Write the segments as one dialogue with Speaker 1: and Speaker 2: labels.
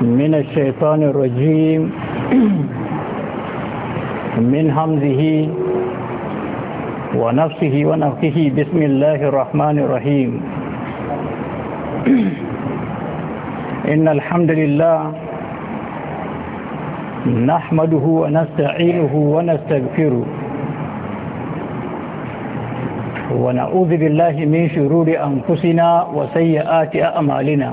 Speaker 1: من الشيطان الرجيم من همزه ونفسه ونفسه بسم الله الرحمن الرحيم إن الحمد لله نحمده ونستعينه ونستغفره ونعوذ بالله من شرور أنفسنا وسيئات أعمالنا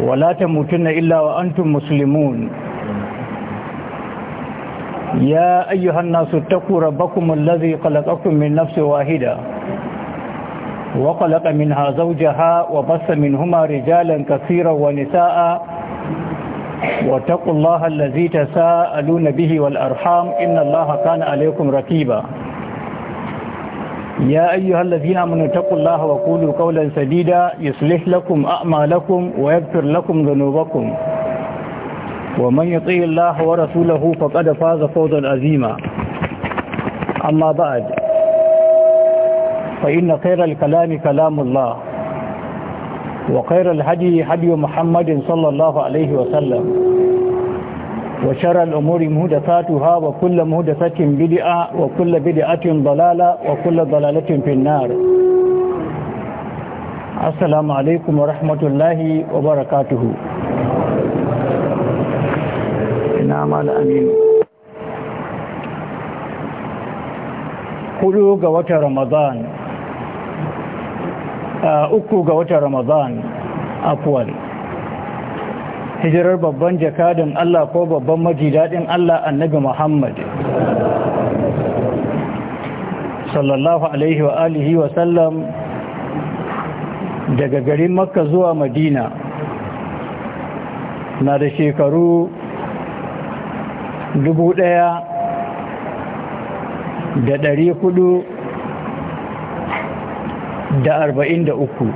Speaker 1: wala ta na illa wa antum muslimun ya ayyuhan nasu taku rabbakum allazi khalaqakum min nafsin wahida wa khalaqa minha zawjaha wa bassa minhumā rijālan katīran wa nisā'a wa taqullaha allazi tasā'alūna bihi wal arham innallāha kāna 'alaykum raqībā ya ayyuha allazina amanu taqullaha wa qulu qawlan sadida yuslih lakum a'malakum wa yaghfir lakum dhunubakum wa man yuti illaha wa rasulahu faqad faza fawzan azima amma ba'd fa inna khayra al-kalami kalamullah wa khayra al-hadi hadi muhammadin sallallahu alayhi wa sallam وشر الأمور مهدفاتها وكل مهدفة بدعة وكل بدعة ضلالة وكل ضلالة في النار السلام عليكم ورحمة الله وبركاته نعم الأمين قلوا قوة رمضان أكو قوة رمضان أفوالي hijirar babban jakadin Allah ko babban majidadin Allah annabi Muhammad sallallahu alaihi wa alihi wa sallam daga garin makka zuwa madina na da shekaru dubu ɗaya da ɗari hudu da arba'in da uku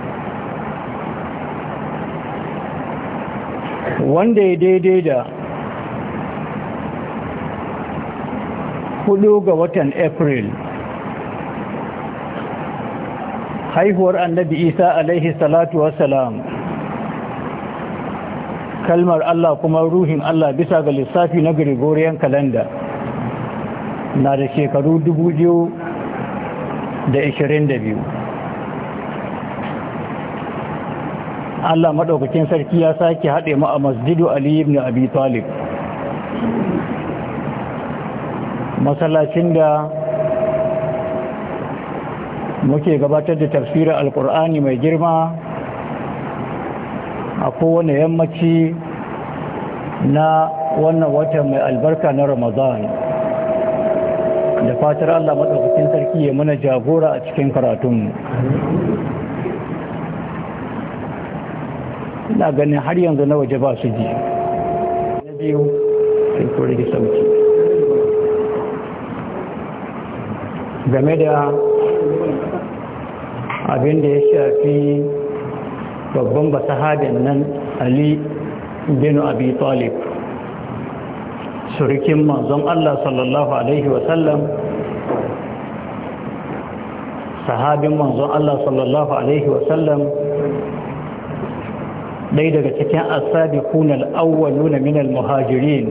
Speaker 1: wanda ya daidai da hudu ga watan april haihuwar annabi isa alaihi salatu wasalam kalmar allah kuma ruhin allah bisa ga lissafi na gregorian calendar na da shekaru biyu. Allah madaukakin sarki ya sake haɗe mu a masjidu Ali ibn Abi Talib masallacin da muke gabatar da tafsirin alkur'ani mai girma a kowane yammaci na wannan watan mai albarka na ramadan da fatar allah maɗaukakin sarki ya mana jagora a cikin karatunmu ina ganin har yanzu na waje ba su ji na biyu sai ko rage sauki game da abin da ya shafi babban basahaden nan ali bin abi talib surikin manzon Allah sallallahu alaihi wasallam sahabin manzon Allah sallallahu alaihi wasallam ɗaya daga cikin asabi kunal awwaluna min al-muhajirin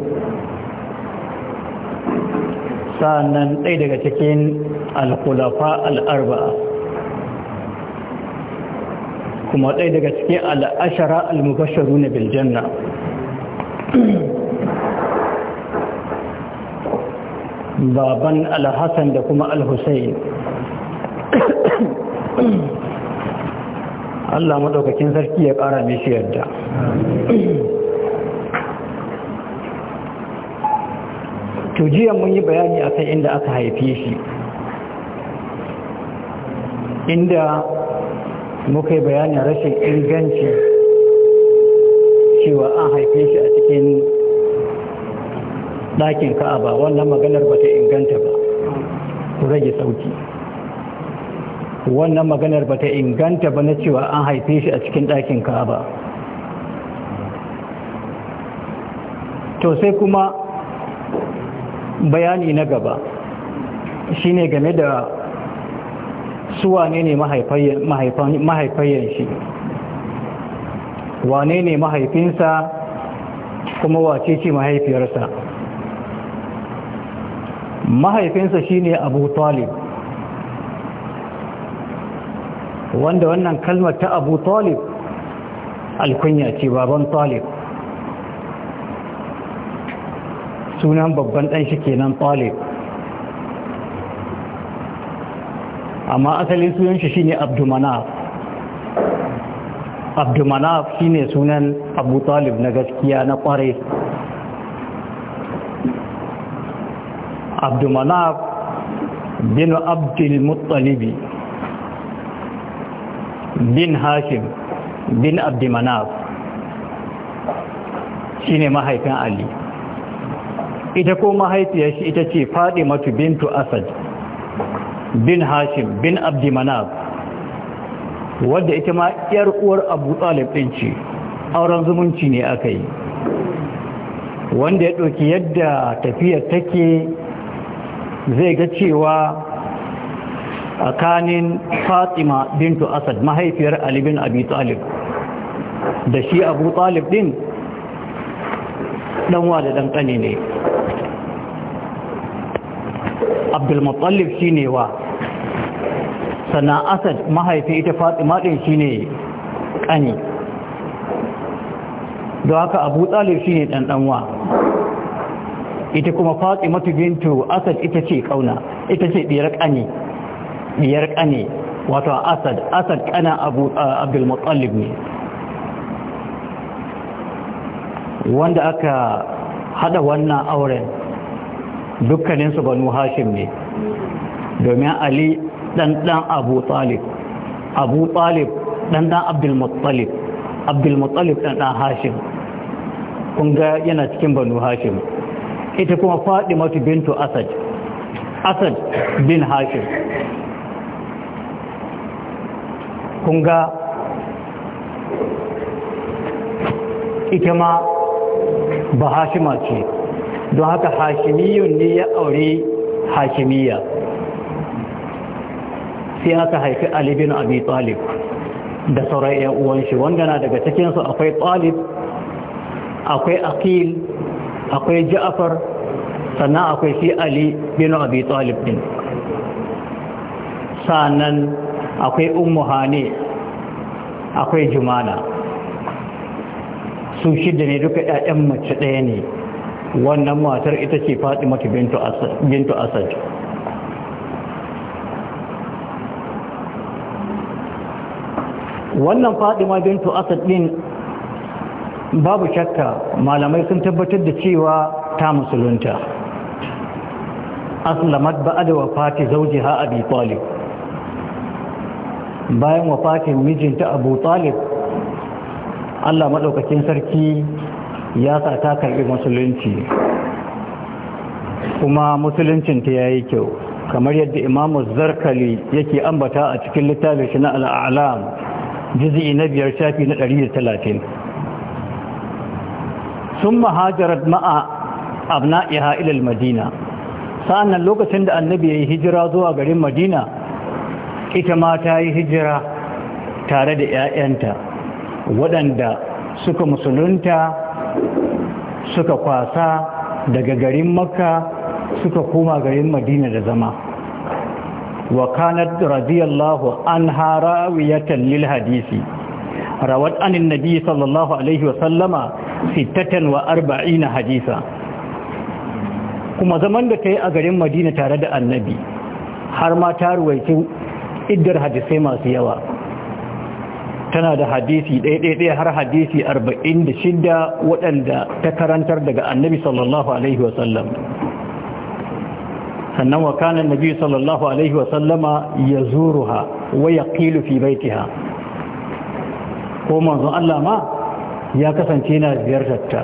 Speaker 1: sanan ɗaya daga cikin al-khulafa al-arba'a kuma ɗaya daga cikin al-ashara al-mubashsharuna bil janna baban al-hasan da kuma al-husayn Allah madaukakin sarki ya ƙara mishi yadda jiya mun yi bayani akan inda aka haife shi inda muka yi bayanin rashin inganci cewa an haife shi a cikin ɗakin ba wannan maganar ba ta inganta ba ku rage sauki wannan maganar ba ta inganta ba na cewa an haife shi a cikin ɗakin ba. to sai kuma bayani na gaba shi ne game da suwa ne mahaifayen shi wane ne mahaifinsa kuma wace ce mahaifiyarsa mahaifinsa shi ne abu talib wanda wannan kalmar ta abu talib alkunya ce baban talib sunan babban dan shi kenan talib amma asalin sunan shi shine abdumanaf abdumanaf shine sunan abu talib na gaskiya na kware abdumanaf bin abdul muttalibi bin hashim bin abdimanaf shi ne mahaifin ali ita ko mahaifiyar shi ita ce faɗi matu bintu asad bin hashim bin abdimanaf wadda ita ma yar uwar abu talib din ce auren zumunci ne aka yi wanda ya ɗauki yadda tafiyar take zai ga cewa tsakanin fatima bintu asad mahaifiyar ali bin abi talib da shi abu talib din danwa da dankani ne abdulmutallif shi ne wa sana asad mahaifi ita fatima din shi ne kani da haka abu talib shi ne ɗanɗanwa ita kuma fatima bintu asad ita ce ƙauna ita ce ɗirar ƙani diyar kane wato asad asad kana abu muttalib ne wanda aka hada wannan auren dukkaninsu banu hashim ne domin ali dan dan abu talib abu talib dan dan abdul muttalib dan dan hashim kun ga yana cikin banu hashim ita kuma fadimatu bintu asad asad bin hashim kun ga ita ma ba hashima ce don haka hashimiyun ne ya aure hashimiyya sai aka haifi alibin abi talib da sauran yan uwan shi wanda na daga cikinsu akwai talib akwai akil akwai ja'afar sannan akwai shi ali bin abi talib din sannan akwai ummu hane akwai jumana su shida ne duka 'ya'yan mace ɗaya ne wannan matar ita ce faɗi mata bintu asad wannan fatima bintu asad din babu shakka malamai sun tabbatar da cewa ta musulunta aslamat wa Fati zawjiha abi talib bayan wafatin mijinta abu talib allah maɗaukakin sarki ya sa ta karɓi musulunci kuma musuluncinta ya yi kyau kamar yadda imamu zarkali yake ambata a cikin littafin shi na al'alam jizi na biyar shafi na 130 sun mahajarar ma'a abna'iha ilal madina sa'an nan lokacin da annabi ya yi hijira zuwa garin madina ita ma ta yi hijira tare da 'ya'yanta waɗanda suka musulunta suka kwasa daga garin makka suka koma garin madina da zama wa kanat radiyallahu an harawiyatan lil hadisi rawat anin nabi sallallahu alaihi wa sallama wa 46 hadisa kuma zaman da ta a garin madina tare da annabi har ma ta ruwaiti iddar hadisai masu yawa tana da hadisi ɗaiɗaiɗai har hadisi arba'in da shida waɗanda ta karantar daga annabi sallallahu alaihi wasallam sannan wa kanan annabi sallallahu alaihi wasallama ya ha wa ya ƙilu fi baitiha ko manzon Allah ma ya kasance na ziyartar ta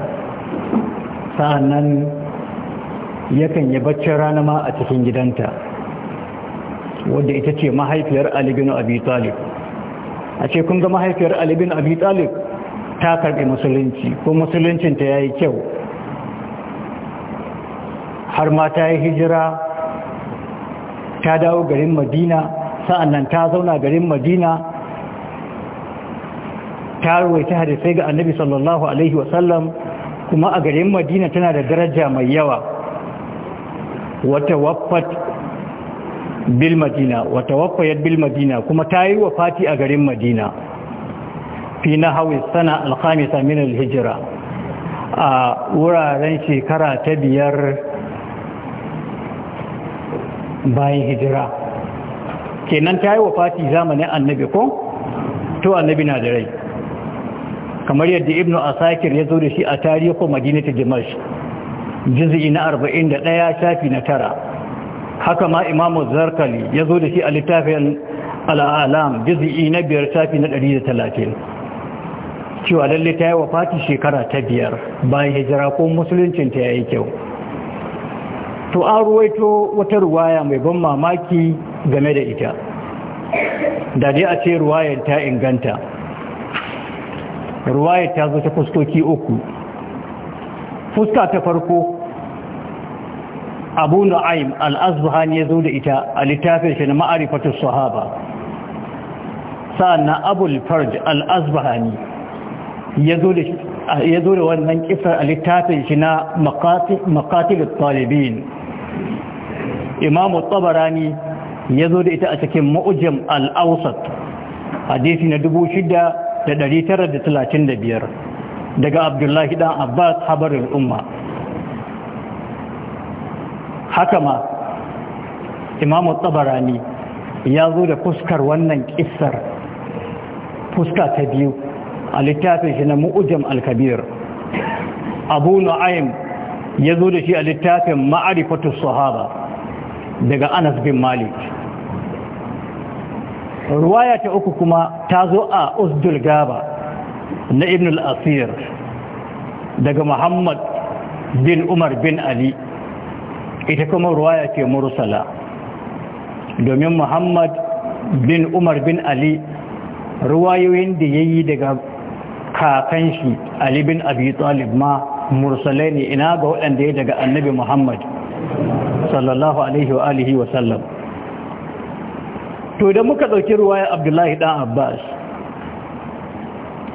Speaker 1: sa'annan yakan yi baccin rana ma a cikin gidanta wadda ita ce mahaifiyar Ali bin Abi Talib a ce kun ga mahaifiyar Ali bin Abi Talib ta karɓi musulunci ko musuluncin ta yi kyau har ma ta yi hijira ta dawo garin Madina sa'annan ta zauna garin Madina ta ruwaita hadisai ga Annabi sallallahu alaihi wasallam kuma a garin Madina tana da daraja mai yawa wata waffat bil madina wa tawaffayat bil madina kuma ta yi wafati a garin madina fi nahawi sana al-khamisa min a wuraren shekara ta biyar bayan hijira kenan ta yi wafati zamanin annabi ko to annabi na da rai kamar yadda ibnu asakir ya zo da shi a tarihin madinatu dimash juz'i na 41 shafi na tara haka ma imamu zarkali ya zo da shi a littafin al'alam jizi'i na biyar tafi na da talatin. cewa lalle ta yi wa fati shekara ta biyar bayan hijira ko musuluncin ta yayi kyau to an ruwaito wata ruwaya mai ban mamaki game da ita da dai a ce ruwayar ta inganta ruwayar ta zo ta fuskoki uku fuska ta farko abu nu'aym al ya zo da ita a littafin shi na ma'arifatus sahaba sa’an abul farj al ya zo da wannan kisar a littafin shi na maqatilul talibin imamu tsabarani ya zo da ita a cikin mu'jam al hadisi na 6935 daga abdullahi dan abbas habarin umma haka ma imamu tsabarani ya zo da fuskar wannan kisar fuska ta biyu a littafin shi na mu'ujam Alkabir, abu nu'aym ya zo da shi a littafin ma'arifatu sahaba daga anas bin malik ruwaya ta uku kuma ta zo a usdul gaba na ibn al'asir asir daga muhammad bin umar bin ali ita kuma ruwaya ke mursala domin muhammad bin umar bin ali ruwayoyin da ya yi daga kakan shi ali bin abi talib ma mursalai ne ina ga waɗanda ya daga annabi muhammad sallallahu alaihi wa alihi wa sallam to idan muka ɗauki ruwayar abdullahi dan abbas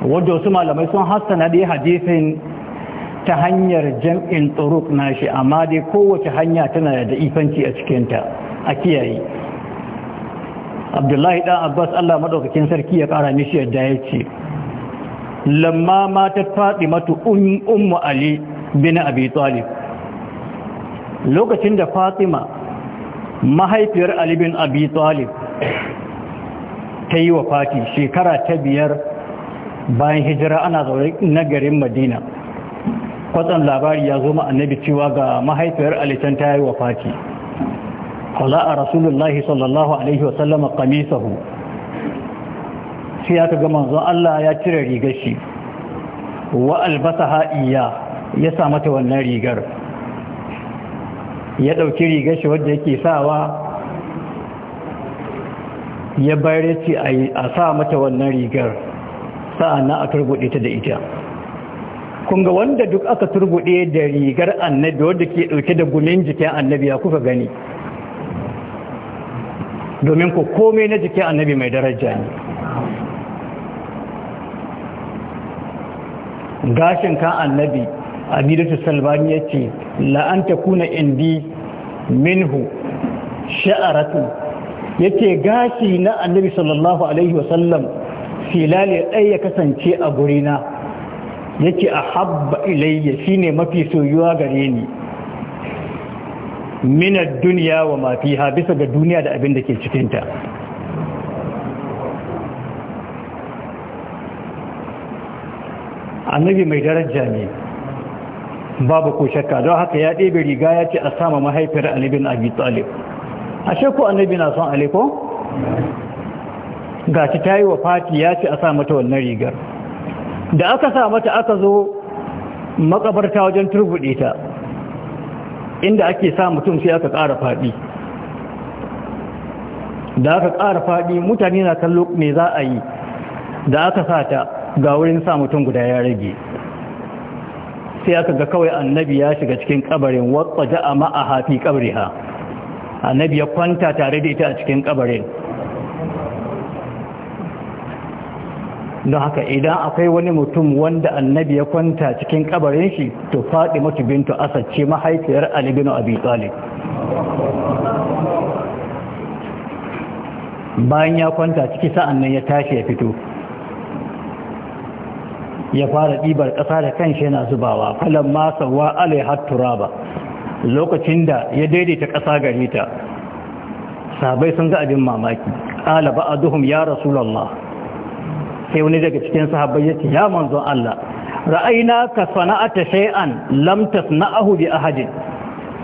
Speaker 1: wadda wasu malamai sun hassana da hadisin ta hanyar jam'in na shi amma dai kowace hanya tana da ifanci a cikinta a kiyaye abdullahi ɗan abbas allah maɗaukakin sarki ya ƙara mishi yadda ya ce lamma ma ta faɗi matu umu ali bin abi talib lokacin da fatima mahaifiyar ali bin abi talib ta yi wa fati shekara ta biyar bayan hijira ana zaune na garin madina kwatsan labari ya zo annabi cewa ga mahaifiyar alitan ta yi wa fati a rasulullahi sallallahu alaihi wasallama kamisahu sai ya ga manzon Allah ya cire rigar shi wa albasa ha'iya ya sa mata wannan rigar ya ɗauki rigar shi wadda yake sawa ya bayar ce a sa mata wannan rigar sa'an na a karbuɗe ta da ita kun ga wanda duk aka turbuɗe da rigar annabi wanda ke ɗauke da gumin jikin annabi ya kuka gani domin ku komai na jikin annabi mai daraja ne gashin ka annabi abidatu salbani ya ce la'anta kuna indi minhu sha'aratu ya gashi na annabi sallallahu alaihi wasallam filali ɗaya ya kasance a gurina yake a habba ilayya shine mafi soyuwa gare ni minar duniya wa mafiha bisa ga duniya da abin da ke cikinta annabi mai daraja ne babu ko shakka don haka ya ɗebe riga ya ce a sama mahaifiyar annabin abi talib a shakku annabi na son aliko ga ci ta yi wa fati ya ce a sa mata wannan rigar da aka sa mata aka zo makabarta wajen turbuɗe ta inda ake sa mutum sai aka ƙara faɗi da aka ƙara faɗi mutane na kallo ne za a yi da aka sa ta ga wurin sa mutum guda ya rage sai aka ga kawai annabi ya shiga cikin kabarin watsa ja'a hafi fi ha annabi ya kwanta tare da ita a cikin kabarin don haka idan akwai wani mutum wanda annabi ya kwanta cikin kabarin shi to mutu bintu asad ce mahaifiyar alibinu bin abi bayan ya kwanta ciki sa'an nan ya tashi ya fito ya fara ɗibar ƙasa da kanshi yana zubawa falon masa wa hattu turaba lokacin da ya daidaita ƙasa gari ta sabai sun ga abin mamaki ƙala ba a duhum ya rasulallah sai wani daga cikin sahabbai ya ce ya manzon Allah ra'ayna ka sana'ata shay'an lam tasna'ahu bi ahadin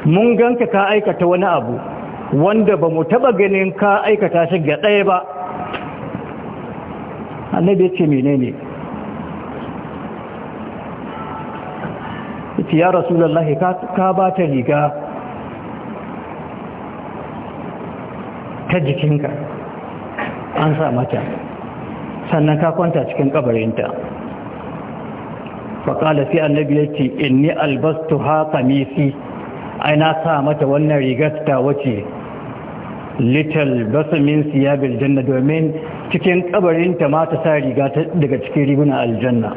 Speaker 1: mun ganka ka aikata wani abu wanda bamu mu taba ganin ka aikata shi ga ɗaya ba annabi ya ce menene ya rasulullahi ka ba ta riga ta jikinka an sa mata sannan ka kwanta cikin kabarinta faƙala sai annabi ya ce ni albastu ha kamisi ai na sa mata wannan rigar ta wace little basamin siyabil janna domin cikin kabarinta ma ta sa riga daga cikin riguna aljanna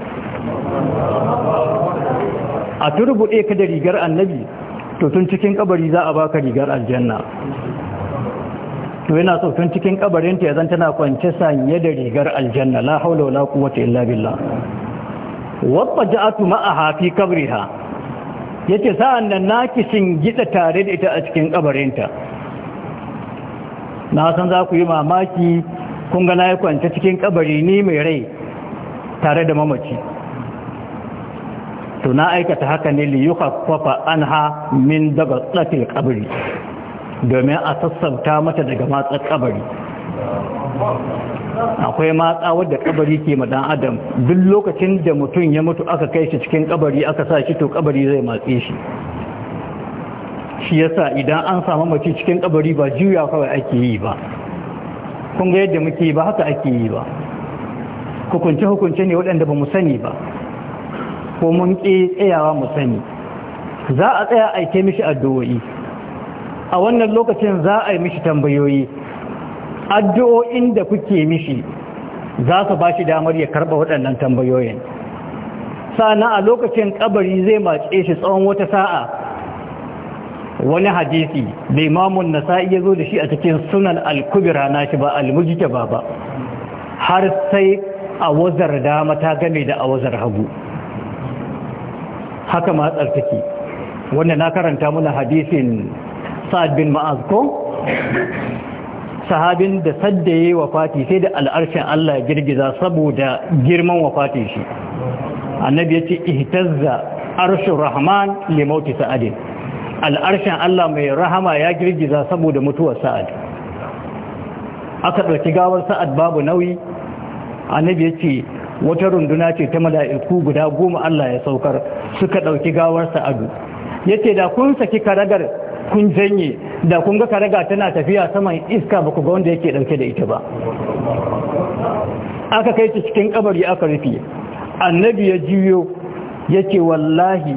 Speaker 1: a turbuɗe ka da rigar annabi to tun cikin kabari za a baka rigar aljanna to yana tsofin tun cikin kabarinta ya zan tana kwance sanye da rigar aljanna la haula wala quwwata illa billah wadda ja'atu ma'aha fi kabriha yace sa'an nan naki gida tare da ita a cikin ta na san za ku yi mamaki kun ga na kwance cikin kabari ni mai rai tare da mamaci to na aikata haka ne liyuka kwafa anha min daga tsakil domin a sassauta mata daga matsar kabari akwai matsa wadda kabari ke madan adam duk lokacin da mutum ya mutu aka kai shi cikin kabari aka sa shi to kabari zai matse shi shi yasa idan an samu mace cikin kabari ba juya kawai ake yi ba kun ga yadda muke ba haka ake yi ba hukunce hukunce ne waɗanda ba mu sani ba ko mun ƙi tsayawa mu sani za a tsaya aike mishi addu'o'i a wannan lokacin za a yi mishi tambayoyi addu'o'in da kuke mishi za su ba shi damar ya karɓa waɗannan tambayoyin sana a lokacin ƙabari zai matse shi tsawon wata sa'a wani hadisi da imamun nasa'i ya zo da shi a cikin sunan al na shi ba al ba ba har sai a wazar dama ta game da a wazar hagu haka ma tsartaki wanda na karanta mana hadisin sa'ad bin ma'az ko sahabin da saddaye Fati sai da al'arshen Allah girgiza saboda girman wafati shi annabi ya ce ihtazza arshin rahman mauti sa'adin al'arshen Allah mai rahama ya girgiza saboda mutuwar sa'ad aka ɗauki gawar sa'ad babu nauyi annabi ya ce wata runduna ce ta mala'iku guda goma Allah ya saukar suka ɗauki gawar sa'adu ya ce da kun saki karagar kun janye da kun ga karaga tana tafiya saman iska ba ku ga wanda yake ɗauke da ita ba aka kai ta cikin kabari aka rufe annabi ya jiyo ya ce wallahi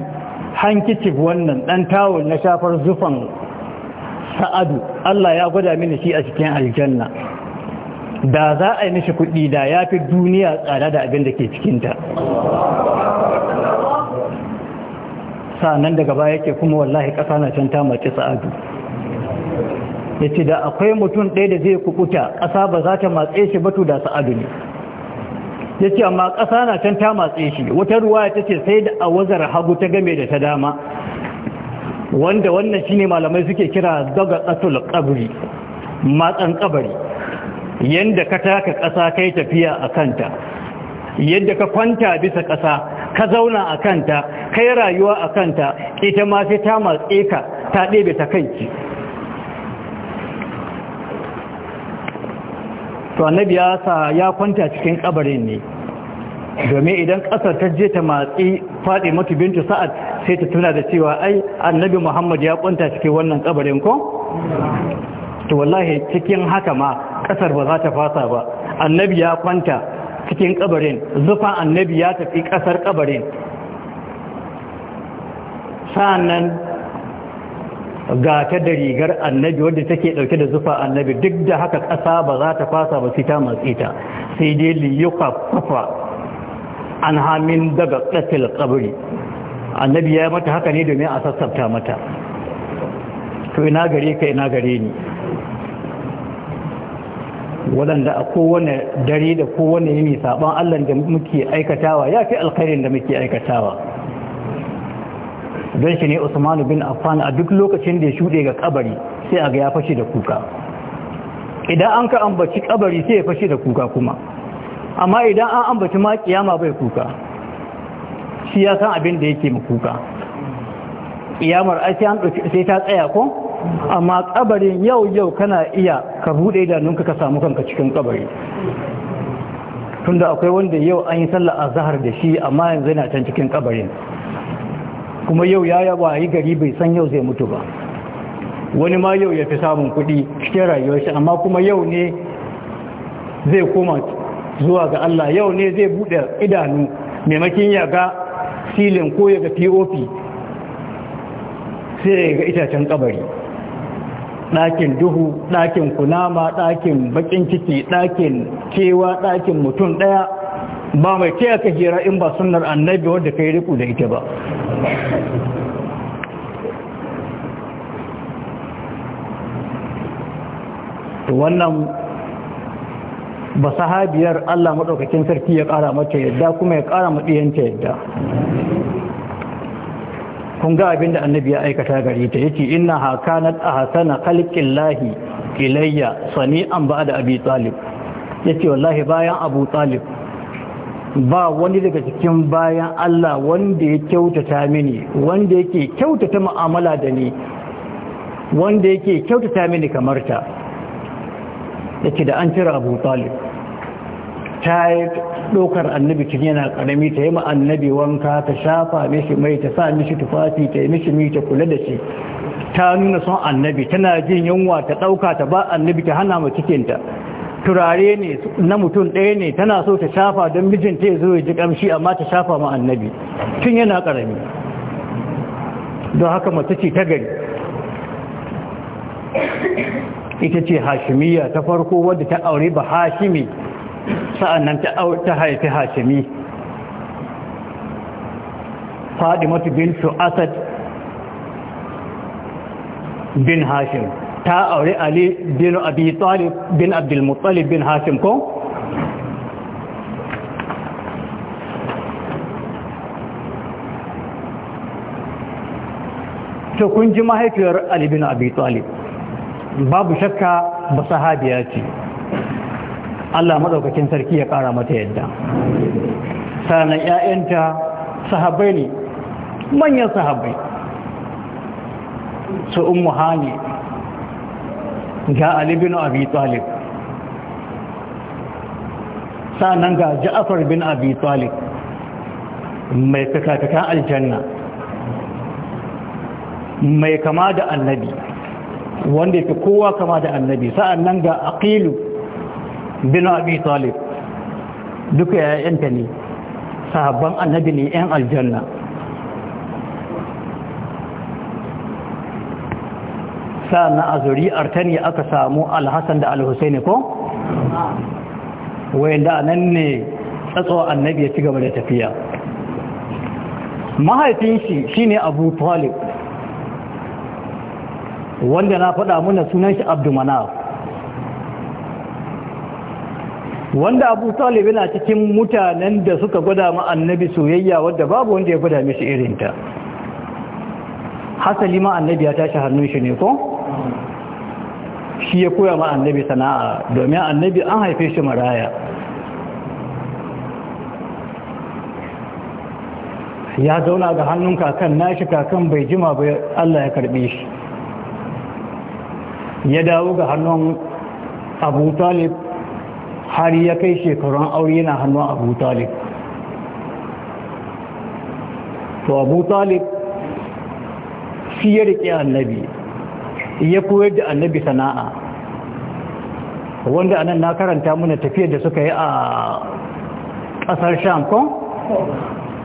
Speaker 1: hankicif wannan ɗan tawul na shafar zufan sa'adu Allah ya gwada mini shi a cikin aljanna da za a yi mishi kuɗi da ya fi duniya tsada da abin da ke cikinta nan daga baya yake kuma wallahi ƙasa na can ta mace sa'adu ya ce da akwai mutum ɗaya da zai kukuta ƙasa ba za ta matse shi batu da sa'adu ne ya ce amma ƙasa na can ta matse shi wata ruwa ta ce sai da a wazar hagu ta game da ta dama wanda wannan shine malamai suke kira daga ƙasul ƙabri matsan ƙabari yadda ka taka ƙasa kai tafiya a kanta yadda ka kwanta bisa ƙasa ka zauna a kanta ka yi rayuwa a kanta ita ma sai ta matse ka ta ɗebe ta kanki to annabi ya sa ya kwanta cikin kabarin ne domin idan ƙasar ta je ta matsi faɗi mafi bintu sa'ad sai ta tuna da cewa ai annabi muhammad ya kwanta cikin wannan kabarin ko? to wallahi cikin haka ma ƙasar ba za ta fasa ba annabi ya kwanta cikin kabarin zufa annabi ya tafi kasar kabarin sa'annan ga ta da rigar annabi wadda take dauke da zufa annabi duk da haka kasa ba za ta fasa ba sita ta sai dai liyuka kafa an hamin daga ƙasar kabari annabi ya mata haka ne domin a sassabta mata to ina gare ka ina gare ni waɗanda a kowane dare da kowane yini saɓon allah da muke aikatawa ya fi alkhairin da muke aikatawa don shi ne Usman bin affan a duk lokacin da ya shuɗe ga kabari sai a ga ya fashe da kuka idan an ka ambaci kabari sai ya fashe da kuka kuma amma idan an ambaci ma kiyama bai kuka shi ya san abin da yake mu kuka kiyamar ai sai ta tsaya ko amma kabarin yau yau kana iya ka buɗe idanunka ka samu kanka cikin kabari tunda akwai wanda yau an yi sallah a zahar da shi amma yanzu yana can cikin kabarin kuma yau ya yaba yi gari bai san yau zai mutu ba wani ma yau ya fi samun kudi cikin rayuwar shi amma kuma yau ne zai koma zuwa ga Allah yau ne zai bude idanu maimakin ya ga silin ko ya ga pop sai ya ga itacen kabari ɗakin duhu ɗakin kunama ɗakin bakin ciki ɗakin kewa ɗakin mutum ɗaya ba mai ce aka hira in ba sunar annabi wadda ka yi riku da ita ba wannan ba sahabiyar Allah maɗaukakin sarki ya ƙara mata yadda kuma ya ƙara maɗiyanta yadda kun ga abin da annabi ya aikata gari ta yake inna ha kanat ahsana khalqillahi ilayya sani'an ba'da abi talib yace wallahi bayan abu talib ba wani daga cikin bayan Allah wanda ya kyautata mini wanda yake kyautata mu'amala da ni wanda yake kyautata mini kamar ta yace da an cire abu talib tayi. ɗaukar annabi tun yana ƙarami ta yi annabi wanka ta shafa mishi mai ta sa mishi tufafi ta yi mishi mai ta kula da shi ta nuna son annabi tana jin yunwa ta ɗauka ta ba annabi ta hana ma cikinta turare ne na mutum ɗaya ne tana so ta shafa don mijinta ya zo ya ji ƙamshi amma ta shafa ma annabi tun yana ƙarami don haka mace ce ta gari ita ce hashimiyya ta farko wadda ta aure ba hashimi sa'annan ta haifi hashimi fadimatu bin asad bin hashim ta aure ali bin abi talib bin abdulmuttalib bin hashim ko to kun ji mahaifiyar ali bin abi talib babu shakka ba sahabiya ce Allah madaukakin sarki ya kara mata yadda sanan ƴaƴanta sahabbai ne manyan sahabbai su ummu hani ga Ali bin Abi Talib sanan ga Ja'far bin Abi Talib mai fikafikan aljanna mai kama da annabi wanda ya fi kowa kama da annabi sa'annan ga aqilu bin abi talib duka yanta ne sahabban annabi ne yan aljanna sana a zuri'ar ta ne aka samu alhassan da alhussaini ko? da nan ne tsatso annabi ya ci gaba da tafiya mahaifin shi shine abu talib wanda na faɗa muna sunan shi abdu wanda abu talib yana cikin mutanen da suka gwada ma annabi soyayya wadda babu wanda ya gwada mishi irinta hasali ma ya tashi hannun shi ne ko shi ya koya ma sana'a domin annabi an haife shi maraya ya zauna ga hannun kakan nashi kakan bai jima ba Allah ya karbe shi ya dawo ga hannun abu talib har ya kai shekarun aure yana hannun abu talib to abu talib shi ya riƙe annabi ya koyar da annabi sana'a wanda anan na karanta muna tafiyar da suka yi a ƙasar shankon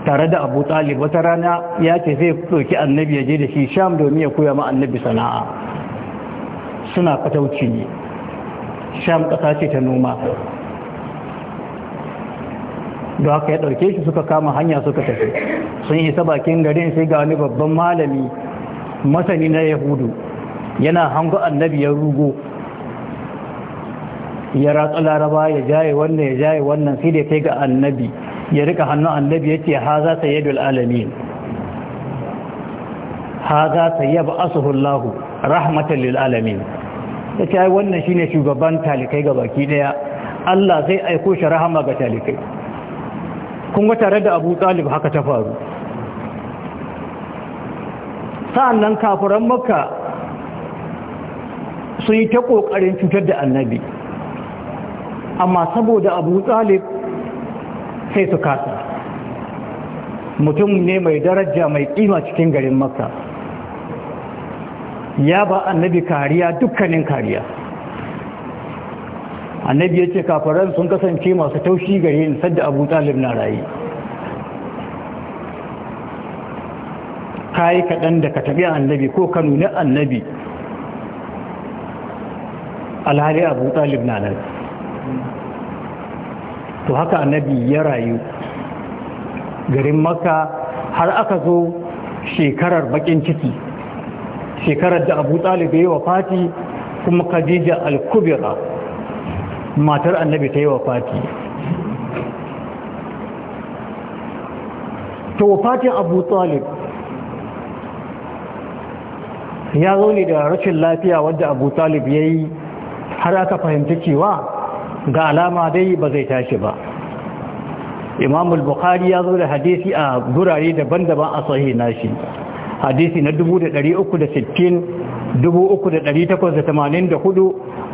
Speaker 1: tare da abu talib wata rana ya ce zai ɗauki annabi ya je da shi sham domin ya koya ma annabi sana'a suna katauci ne sham ƙasa ce ta noma da haka ya ɗauke shi suka kama hanya suka tafi sun isa bakin garin sai ga wani babban malami masani na yahudu yana hango annabi ya rugo ya ratsa laraba ya jaye wannan ya jaye wannan sai da kai ga annabi ya rika hannun annabi ya ce ha za ta yi alamin ha za ta yi ba asuhullahu rahmatan lil alamin ya ce wannan shine shugaban talikai ga baki daya Allah zai aiko shi rahama ga talikai kun ga tare da abu talib haka ta faru sa'annan nan kafiran makka sun yi ta ƙoƙarin cutar da annabi amma saboda abu talib sai su kasa mutum ne mai daraja mai ƙima cikin garin makka ya ba annabi kariya dukkanin kariya annabi ya ce kafaran sun kasance masu taushi gare ni sadda abu talib na rayu kayi kaɗan da ka tabi annabi ko ka nuna annabi alhari abu talib na nan to haka annabi ya rayu garin Makka har aka zo shekarar bakin ciki shekarar da abu talib ya yi wa fati kuma khadija al-kubira matar annabi ta yi wa fati to wafatin abu talib ya zo ne da rashin lafiya wadda abu talib ya yi har aka fahimta cewa ga alama dai ba zai tashi ba imamul bukhari ya zo da hadisi a gurare daban-daban a sahi nashi hadisi na 360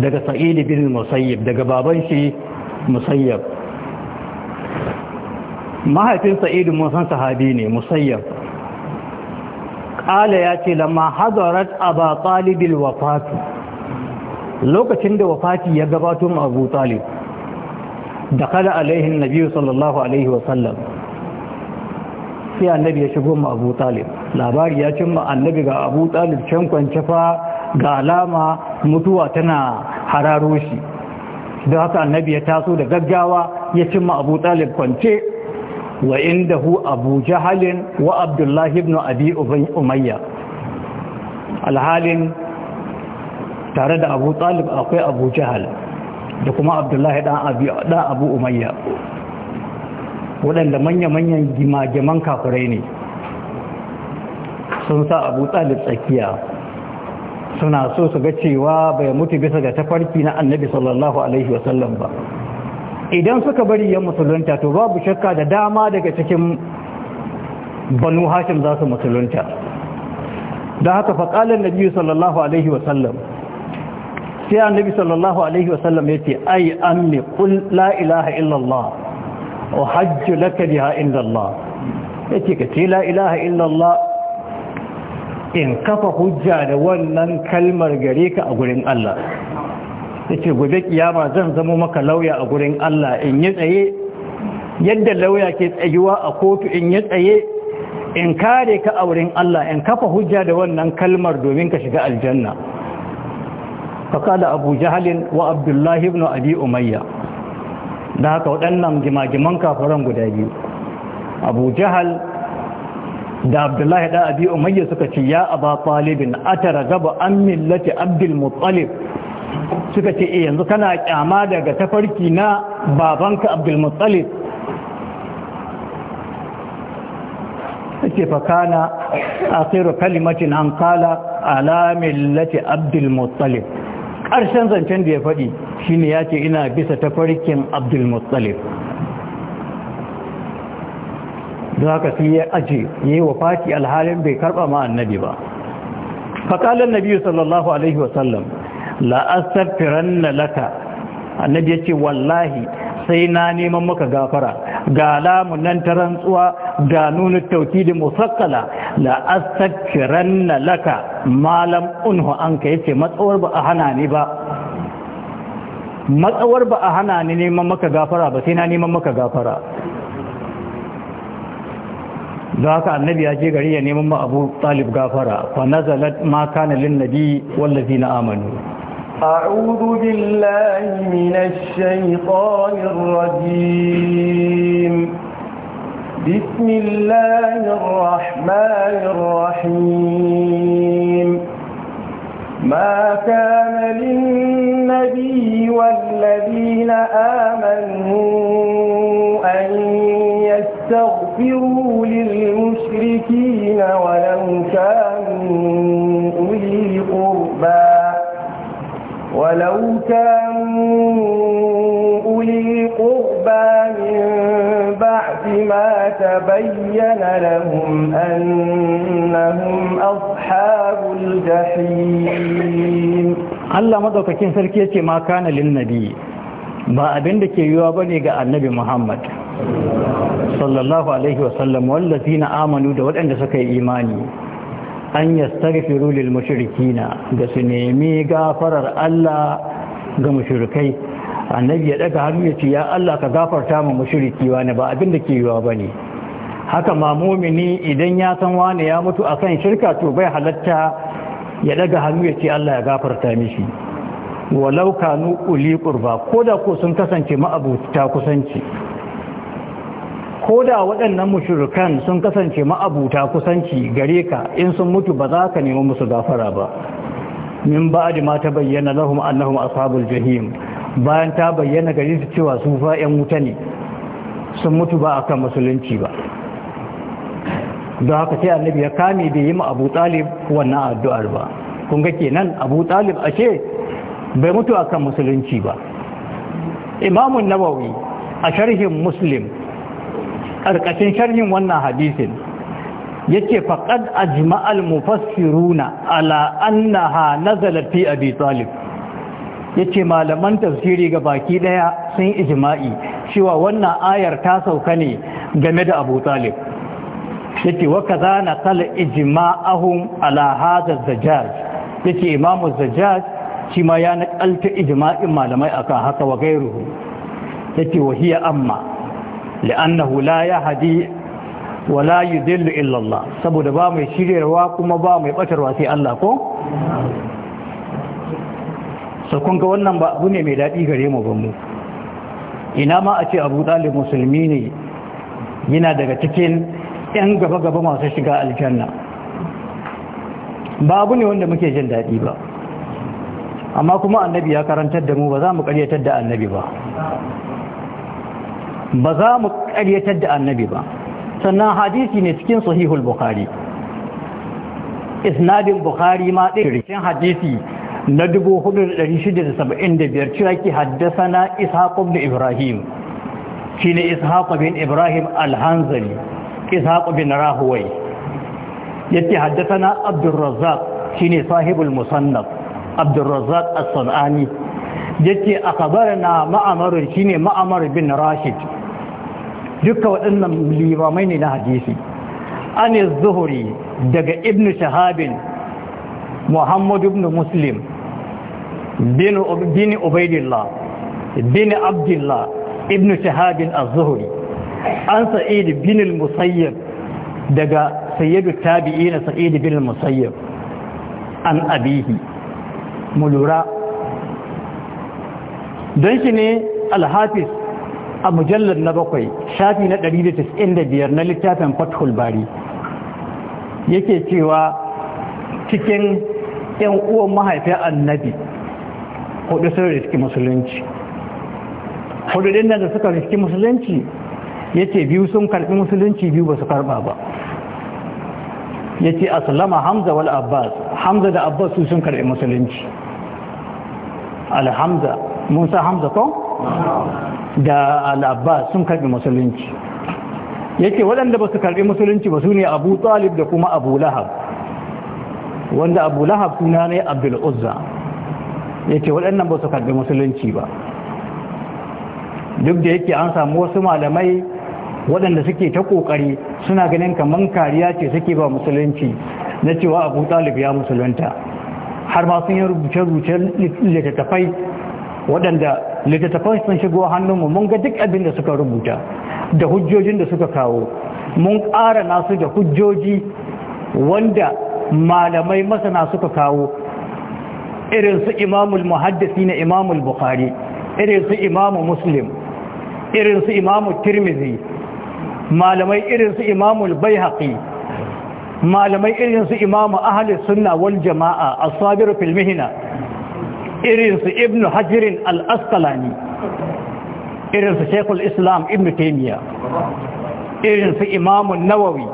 Speaker 1: daga Sa'idu bin musayyib daga baban shi musayyab mahaifin Sa'idu musan sahabi ne musayyab ƙala ya ce lamma hadarat aba talibin wafatu lokacin da wafati ya gabatun abu talib da kada alaihin nabi sallallahu alaihi wasallam sai annabi ya shigo ma abu talib labari ya cin ma annabi ga abu talib can kwance fa ga alama mutuwa tana hararo shi don haka annabi ya taso da gaggawa ya cimma abu talib kwance wa inda hu abu jahalin wa abdullahi ibn abi umayya alhalin tare da abu talib akwai abu jahal da kuma abdullahi dan abu umayya waɗanda manya-manyan giman kafirai ne sun sa abu talib tsakiya suna so su ga cewa bai mutu bisa ga tafarki na annabi sallallahu alaihi wasallam ba idan suka bari yan musulunta to babu shakka da dama daga cikin banu hashim za su musulunta da haka faƙalar nabi sallallahu alaihi wasallam sai annabi sallallahu alaihi wasallam ya ce ai ammi kul la ilaha illallah wa hajju laka biha inda Allah yace ka ce la ilaha illallah in kafa hujja da wannan kalmar gare ka a gurin Allah ce gobe kiyama zan zama maka lauya a gurin Allah in yi tsaye yadda lauya ke tsayuwa a kotu in yi tsaye in kare ka a wurin Allah in kafa hujja da wannan kalmar domin ka shiga aljanna da abu jahalin wa abdullahi ibn abi umayya da haka waɗannan gimagiman kafaran guda biyu abu jahal da abdullahi da abi umayya suka ce ya aba talibin atara gaba an millati abdul muttalib suka ce eh yanzu kana kyama daga tafarki na babanka abdul muttalib suke fakana a tsiru kalimacin an kala alamin lati abdulmutsalif ƙarshen zancen da ya faɗi shine yace ina bisa tafarkin abdulmutsalif Zaka haka sai ya aje yayi Fati alhalin bai karba ma annabi ba fa qala annabi sallallahu alaihi wasallam la astaghfiranna laka annabi yace wallahi sai na neman maka gafara ga lamunan nan ta rantsuwa ga nuna tauki da musakkala la'asafiran astaghfiranna laka malam unhu anka yace matsawar ba a hana ni ba matsawar ba a hana ni neman maka gafara ba sai na neman maka gafara da haka annabi ya je gari ya neman ma abu talib gafara fa nazalat ma kana lin nabi wal ladina amanu
Speaker 2: a'udhu billahi minash shaytanir rajim bismillahir rahmanir rahim ma kana lin nabi wal ladina amanu an yastaghfiru للمشركين ولو كانوا أولي قربى ولو كانوا أولي قربى من بعد ما تبين لهم أنهم أصحاب الجحيم الله مدوككين
Speaker 1: سركيتي ما كان للنبي ba abin da ke yiwa ba ne ga annabi muhammad sallallahu alaihi wasallam wallafi na amanu da waɗanda suka yi imani an yastaghfiru lil mushrikina da su nemi gafarar Allah ga mushrikai annabi ya daga hannu ya ce ya Allah ka gafarta mu mushriki wani ba abin da ke yiwa ne. haka ma mumini idan ya san wani ya mutu akan shirka to bai halatta ya daga hannu ya ce Allah ya gafarta mishi walau kanu uli ko da ko sun kasance ma'abuta kusanci ko da waɗannan mushrikan sun kasance ma'abuta kusanci gare ka in sun mutu ba za ka nemi musu gafara ba min ba'di ma tabayyana lahum annahum ashabul jahim bayan ta bayyana gare su cewa su fa 'yan wuta ne sun mutu ba akan musulunci ba don haka sai annabi ya kame bai yi ma abu talib wannan addu'ar ba kun ga kenan abu talib ashe bai mutu akan musulunci ba imamun nawawi a sharhin muslim ƙarƙashin sharhin wannan hadisin yake faƙad ajma'al mufassiruna ala annaha nazalat fi abi talib yace malaman tafsiri ga baki ɗaya sun ijma'i cewa wannan ayar ta sauka ne game da Abu Talib yace wa kaza na kal ijma'ahum ala hadha zajjaj yace Imam Zajjaj shi ma ya nakalta ijma'in malamai akan haka wa gairu. yake wahiya amma li'annahu la yahdi wa la yudillu illa Allah saboda ba mai shiryarwa kuma ba mai batarwa sai Allah ko so ga wannan ba abu ne mai dadi gare mu ba ina ma a ce Abu Talib musulmi ne yana daga cikin yan gaba-gaba masu shiga aljanna ba abu ne wanda muke jin daɗi ba amma kuma annabi ya karantar da mu ba za mu karyatar da annabi ba ba za mu ƙaryatar da annabi ba sannan hadisi ne cikin sahihul bukhari isnadin bukhari ma ɗin rikin hadisi na 4675 cewa ki haddasa na ishaq ibrahim shine ishaq bin ibrahim alhanzari hanzali bin rahuwai yake haddasa na abdurrazzaq shine sahibul musannaf abdurrazzaq as-sanani yace na ma'amar shine ma'amar bin rashid duka waɗannan limamai ne na hadisi an zuhuri daga ibn shahabin muhammad ibn muslim bin ubaidillah bin abdullah ibn shahabin az-zuhri an sa'id bin al-musayyib daga sayyidu tabi'ina sa'id bin al-musayyib an abihi mu lura don shi ne alhafis a mujallar na bakwai shafi na 195 na littafin fathul bari yake cewa cikin 'yan uwan mahaifiyar annabi hudu sun riski musulunci hudu din da suka riski musulunci ya ce biyu sun karbi musulunci biyu ba su karba ba ya ce asalama hamza wal abbas hamza da abbas su sun karbi musulunci alhamza musa hamza ko da al'abba sun karbi musulunci yake waɗanda ba su karbi musulunci ba su ne abu talib da kuma abu lahab wanda abu lahab suna ne abdul uzza yake waɗannan ba su karbi musulunci ba duk da yake an samu wasu malamai waɗanda suke ta ƙoƙari suna ganin kamar kariya ce suke ba musulunci na cewa abu talib ya musulunta har ma sun yi rubuce-rubuce littattafai waɗanda littattafai sun shigo hannunmu mun ga duk abin da suka rubuta da hujjojin da suka kawo mun ƙara nasu da hujjoji wanda malamai masana suka kawo irin imamul muhaddasi na imamul bukhari irin su imamu muslim irin su imamu tirmizi malamai irin imamul bai haƙi malamai irin su imamu ahalis sunna wal jama'a as-sabir fil irin su ibnu hajirin al-asqalani irin su shaykhul islam ibnu taymiya irin su imamu nawawi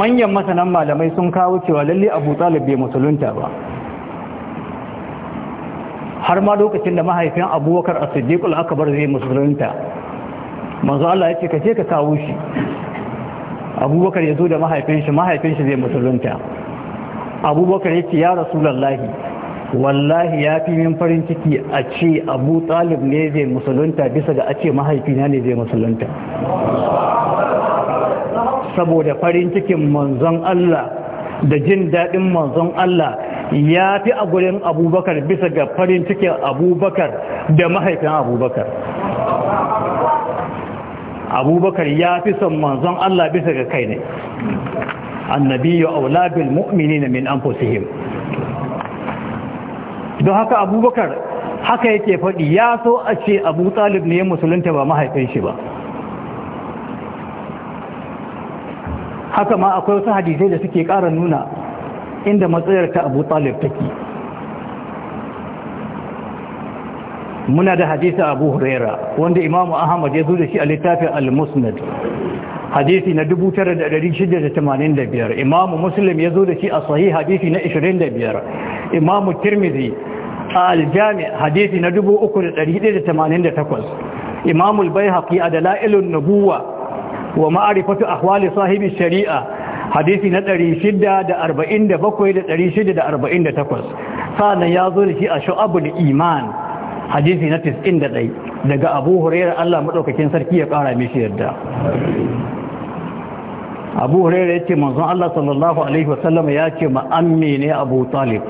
Speaker 1: manyan masanan malamai sun kawo cewa lalle abu talib bai musulunta ba har ma lokacin da mahaifin abubakar as-siddiq al-akbar zai musulunta manzo Allah ya ce ka je ka kawo shi abubakar ya zo da mahaifin shi mahaifin zai musulunta abubakar ya ce ya rasulallahi wallahi ya fi min farin ciki a ce abu talib ne zai musulunta bisa ga a ce mahaifina ne zai musulunta saboda farin cikin manzon Allah da jin daɗin manzon Allah ya fi a gurin abubakar bisa ga farin cikin abubakar da mahaifin abubakar abubakar ya fi son manzon Allah bisa ga kai ne Annabi ya aula bil na min anfusihim don haka abubakar haka yake faɗi ya so a ce abu talib ne musulunta ba mahaifin shi ba haka ma akwai wasu hadisai da suke ƙara nuna inda matsayar ta abu talib take muna da hadisi abu huraira wanda imamu ahmad ya zo da shi a littafin al-musnad hadisi na 9685 imamu muslim ya zo da shi a sahih hadisi na 25 imamu tirmidhi a al-jami hadisi na 3188 imamu al a dalailun nubuwa wa ma'rifatu ahwali sahibi shari'a hadisi na 647 da 648 sannan ya zo da shi a shu'abul iman hadisi na 91 daga abu hurera Allah maɗaukakin sarki ya ƙara mishi yadda abu hurera ya ce manzon Allah sallallahu alaihi wasallam ya ce ma'ammi ne abu talib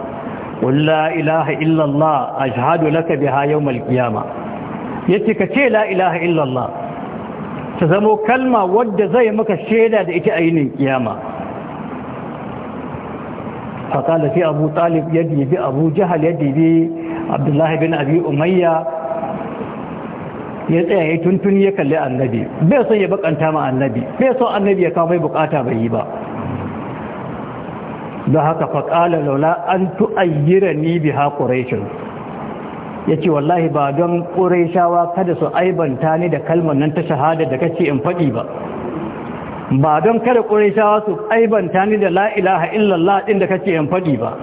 Speaker 1: la ilaha illallah ashhadu laka biha malkiyama ya yace ka ce la ilaha illallah ta zamo kalma wadda zai maka shaida da ita ainihin kiyama fa kala fi abu talib yadi bi abu jahal yadi bi abdullahi bin abi umayya ya tsaya ya tuntuni ya kalli annabi bai son ya bakanta ma annabi bai son annabi ya kawo mai bukata bai yi ba don haka faƙala laula an tu'ayyira ni biha ƙureshin ya ce wallahi ba don ƙureshawa kada su aibanta ni da kalmar nan ta shahada da kace in faɗi ba ba don kada ƙureshawa su aibanta ni da la'ilaha illallah ɗin da kace in faɗi ba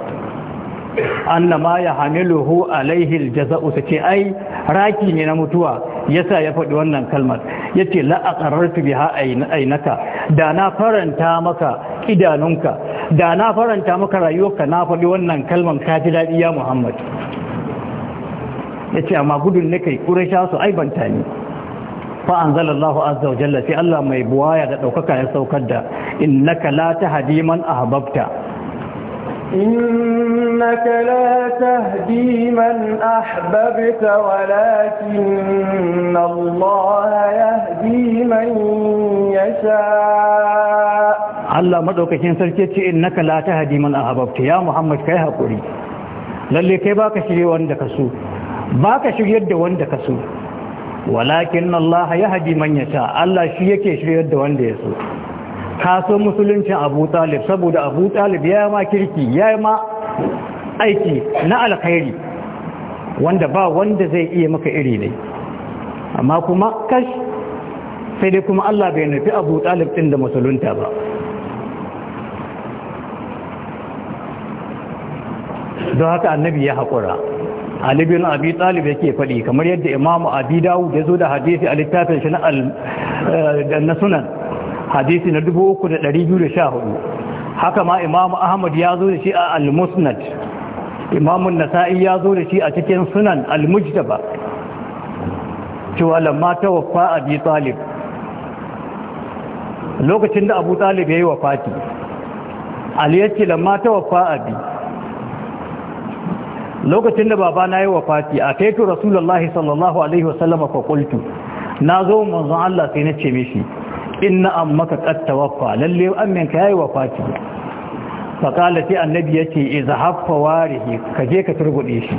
Speaker 1: ma ya hamiluhu alaihi aljaza'u sace ai raki ne na mutuwa yasa ya faɗi wannan kalmar yace la aqarrartu biha ainaka da na faranta maka idanunka da na faranta maka rayuwarka na faɗi wannan kalmar ka ji dadi ya Muhammad yace amma gudun ne kai sha su ai banta ni fa anzalallahu azza wa jalla sai Allah mai buwaya da daukaka ya saukar da innaka la tahdi man ahbabta
Speaker 2: إنك لا تهدي من أحببت ولكن الله يهدي من يشاء
Speaker 1: الله مدوكين سركتي إنك لا تهدي من أحببت يا محمد كي هقولي lalle kai baka shirye wanda ka so baka shiryar da wanda ka so walakin Allah ya man yasha Allah shi yake shiryar da wanda ya so Ka so musuluncin abu talib saboda abu talib ya ma kirki ya ma aiki na alkhairi wanda ba wanda zai iya maka iri ne amma kuma kash sai dai kuma Allah bai nufi abu talib ɗin da musulunta ba don haka annabi ya haƙura alibin abi talib yake faɗi kamar yadda imamu abi dawud ya zo da hadisi a littafin shi na eh, sunan hadisi na 3214 haka ma imamu ahmad ya zo da shi a al-musnad imamu nasa'i ya zo da shi a cikin sunan al-mujtaba cewa lamma tawaffa abi talib lokacin da abu talib ya yi wa fati ali ya ce lamma tawaffa abi lokacin da babana ya yi wa fati a to rasulullahi sallallahu alaihi wasallama fa qultu na zo manzon Allah sai na ce mishi inna maka qad tawaffa lalle ka yayi wafati fa qala ti annabi yace izhab haffa warihi ka ka je turgude shi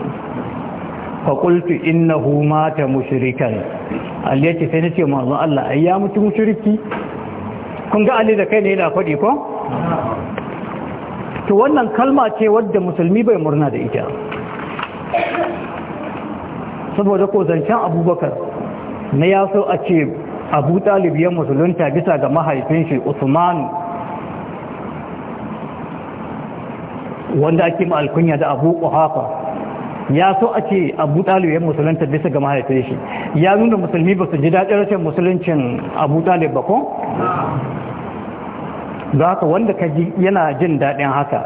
Speaker 1: fa qultu innahu mata mushrikan alli yace sai nace manzo Allah ai ya mutu mushriki kun ga alli da kai ne yana fadi ko to wannan kalma ce wadda musulmi bai murna da ita saboda ko zancen abubakar na yaso a ce abu talib ya musulunta bisa ga mahaifin shi usman wanda ake ma'alkunya da abu ƙuhafa ya so ake abu talib ya musulunta bisa ga mahaifin shi ya nuna musulmi ba su ji daɗin rashin musuluncin abu talib ba ko? za ka wanda ka ji yana jin daɗin haka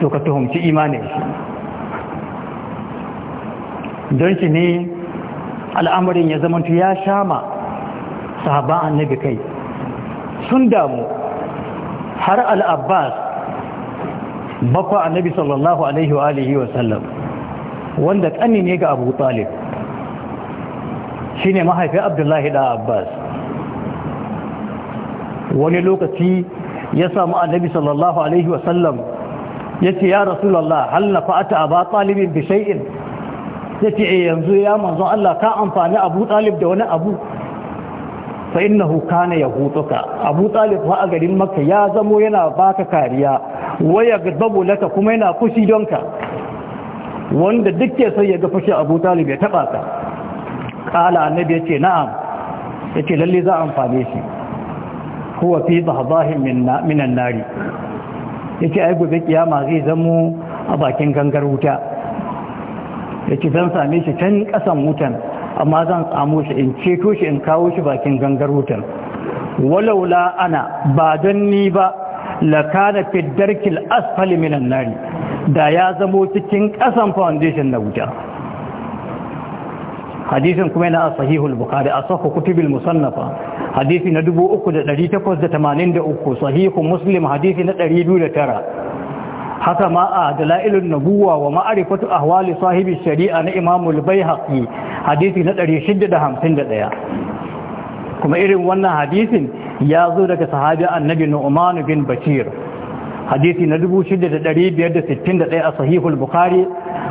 Speaker 1: to ka tuhumci imanin shi don shi ne al'amarin ya zamantu ya shama sahabban annabi kai sun damu har al'abbas bakwa annabi sallallahu alaihi wa alihi wa sallam wanda ƙanni ne ga abu talib shine mahaifin abdullahi da abbas wani lokaci ya samu annabi sallallahu alaihi wa sallam ya ce ya rasulallah hallafa ata a ba talibin bishai'in ya ce eh, yanzu ya manzon Allah ka amfani abu talib da wani abu fa innahu kana yahutuka abu talib fa a garin makka ya zamo yana baka kariya waya gadabu laka kuma yana fushi donka wanda duk ke sai ya ga fushi abu talib ya taba ka kala annabi yace na'am yace lalle za amfane shi huwa fi dhahdahin minan nari yace ai gobe kiyama zai zamo a bakin gangar wuta yace zan same shi can kasan wutan amma zan tsamo shi in ceto shi in kawo shi bakin gangar wutar walaula ana ba don ni ba lakana fiddarkil asfali minan nari da ya zamo cikin ƙasan foundation na wuta hadisin kuma yana a sahihul bukari a sahih kutubil musannafa hadisi na 3883 sahihu muslim hadisi na 209 haka ma a dalailun nabuwa wa ma'arifatu ahwali sahibi shari'a na Imam al-Baihaqi hadisi na 651 kuma irin wannan hadisin ya zo daga sahabi annabi Nu'man bin Bashir hadisi na 6561 a sahihul Bukhari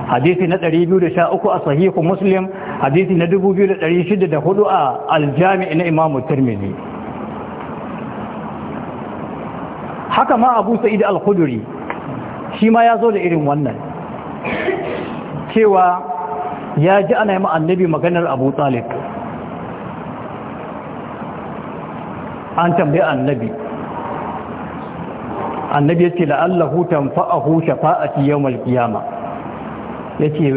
Speaker 1: hadisi na 213 a sahihu Muslim hadisi na 2604 a al-Jami' na Imam al Tirmidhi haka ma Abu Sa'id al-Khudri shi ma ya zo da irin wannan cewa ya ji ana yi annabi maganar abu talib an tambaye annabi annabi ya ce la'allahu tamfa'ahu shafa'ati kiyama. Ya ce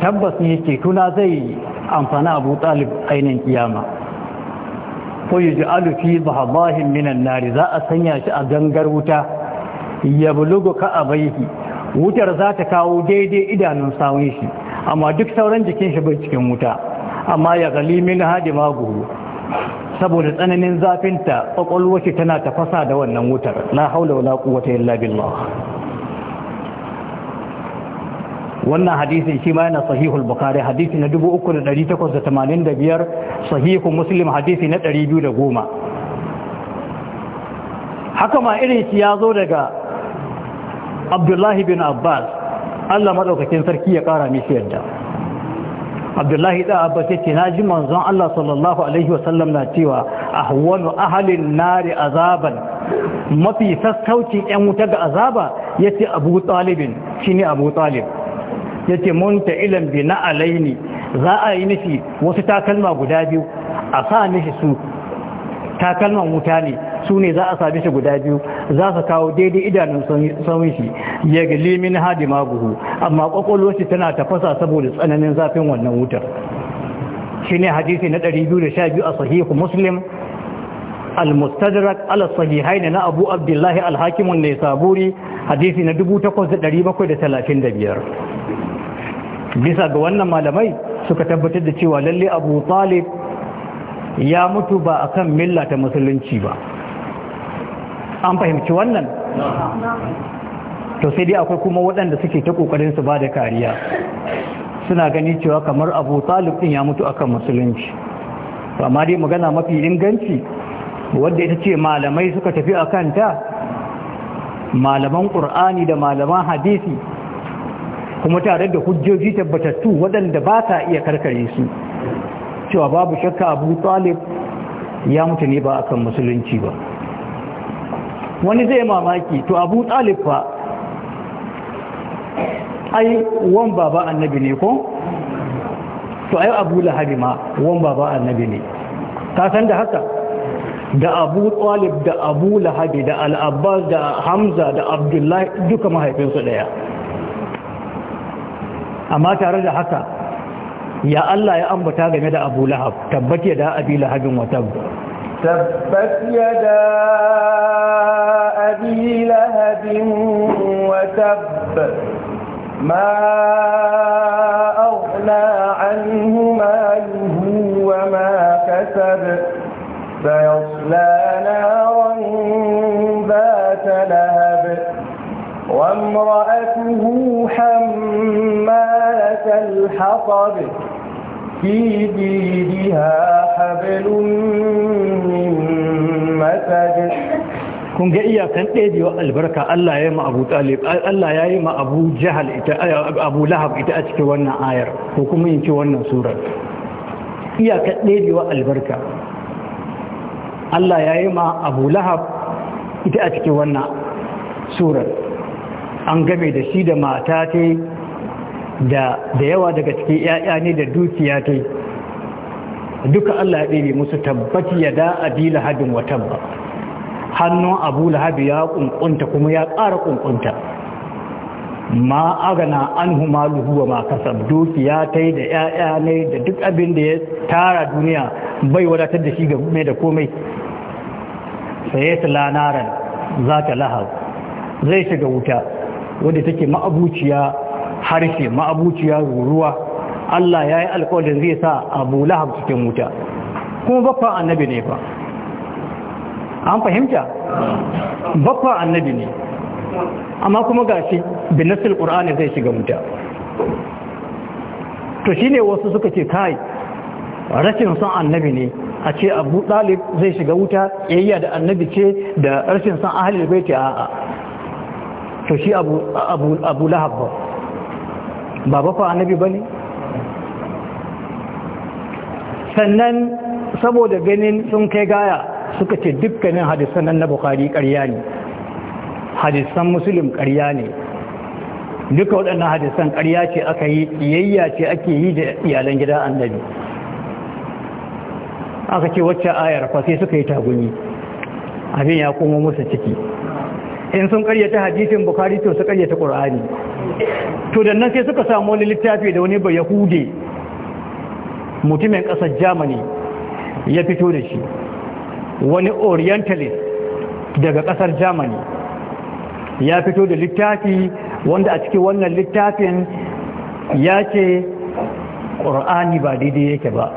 Speaker 1: tabbas ne yake tuna zai amfana abu talib ainihin kiyama ko alufi ba dhahbahin minan nari za a sanya shi a gangar wuta ya bulugu ka baiki, wutar za ta kawo daidai idanun sawun shi amma duk sauran jikin shi bai cikin wuta amma ya gali min hadi maguhu saboda tsananin zafinta kwakwalwa ce tana tafasa da wannan wutar la haula wala quwwata illa billah wannan hadisin shi ma yana sahihul bukhari hadisi na 3885 sahihu muslim hadisi na 210 haka ma irin shi ya zo daga abdullahi bin abbas allah maɗaukakin sarki ya ƙara mishi yadda abdullahi da abbas yace na ji manzon allah sallallahu alaihi wasallam na cewa ahwanu ahalin nari azaban mafi sassaucin yan wuta ga azaba yace abu talibin shine abu talib yace mun ta ilan bi na alaini za a yi nufi wasu takalma guda biyu a sa nishi su takalman wuta ne su ne za a sami shi guda biyu za su kawo daidai idanun sauyin shi ya gali min hadi maguhu amma kwakwalwar shi tana tafasa saboda tsananin zafin wannan wutar shi ne hadisi na 212 a sahihu muslim al-mustadrak ala sahihai na abu abdullahi al ne saburi hadisi na 8735 bisa ga wannan malamai suka tabbatar da cewa lalle abu talib ya mutu ba akan milla ta musulunci ba an fahimci wannan to sai dai akwai kuma waɗanda suke ta ƙoƙarin su ba da kariya suna gani cewa kamar abu talib ɗin ya mutu akan musulunci amma dai magana mafi inganci wadda ita ce malamai suka tafi a kanta malaman ƙur'ani da malaman hadisi kuma tare da hujjoji tabbatattu waɗanda ba ta iya karkare su cewa babu shakka abu talib ya mutu ne ba akan musulunci ba wani zai mamaki to abu talib fa ai wan baba annabi ne ko to ai abu lahabi ma wan baba annabi ne ka san da haka da abu talib da abu lahabi da abbas da hamza da abdullahi duka mahaifinsu daya amma tare da haka ya Allah ya ambata game da abu lahab tabbata da abi lahabin wata
Speaker 2: تبت يدا أبي لهب وتب ما أغنى عنه ماله وما كسب سيصلى نارا ذات لهب وامرأته حمالة الحطب في جيدها حبل kun ga iyakan ɗabiwa albarka Allah ya yi ma
Speaker 1: Abu Talib Allah ya yi ma Abu Jahal ita eh, Abu Lahab ita a cikin wannan ayar ko kuma yin ce wannan surar iyakan ɗabiwa albarka Allah ya yi ma Abu Lahab ita a cikin wannan surar an game da shi da mata ta da yawa daga cikin ‘ya'ya ne da dukiya ta yi, duka Allah ya musu tabbaci ya da abi lahabin wa tabba hannun abu lahabi ya ƙunƙunta kuma ya ƙara ƙunƙunta ma agana an humaluhu wa ma kasab dukiya ta yi da ‘ya'ya ne da duk abin da ya tara duniya bai wadatar da shi ga mai da komai sai ya naran za ta lahab zai shiga wuta wadda take ma'abuciya harshe ma'abuciya ruwa Allah ya yi alƙawarin zai sa abu lahab cikin wuta kuma bakwa annabi ne ba an fahimta bakwa annabi ne amma kuma ga shi binasul ƙura'ani zai shiga wuta to shi ne wasu suka ce kai rashin son annabi ne a ce abu ɗalib zai shiga wuta yayya da annabi ce da rashin son ahalil baiti a'a to shi abu lahab ba ba ba fa annabi bane sannan saboda ganin sun kai gaya suka ce dukkanin hadisan nan na bukari ƙarya ne hadisan musulun ƙarya ne duka waɗannan hadisan karya ce aka yi iyayya ce ake yi da iyalan gida annabi aka ce wacce ayar fa sai suka yi taguni abin ya komo musu ciki in sun karyata hadisin bukari to su karyata ƙur'ani to da nan sai suka samu wani littafi da wani Bayahude, mutumin ƙasar germany ya fito da shi wani orientalist daga ƙasar germany ya fito da littafi wanda a ciki wannan littafin ya ce ƙur'ani ba daidai yake ba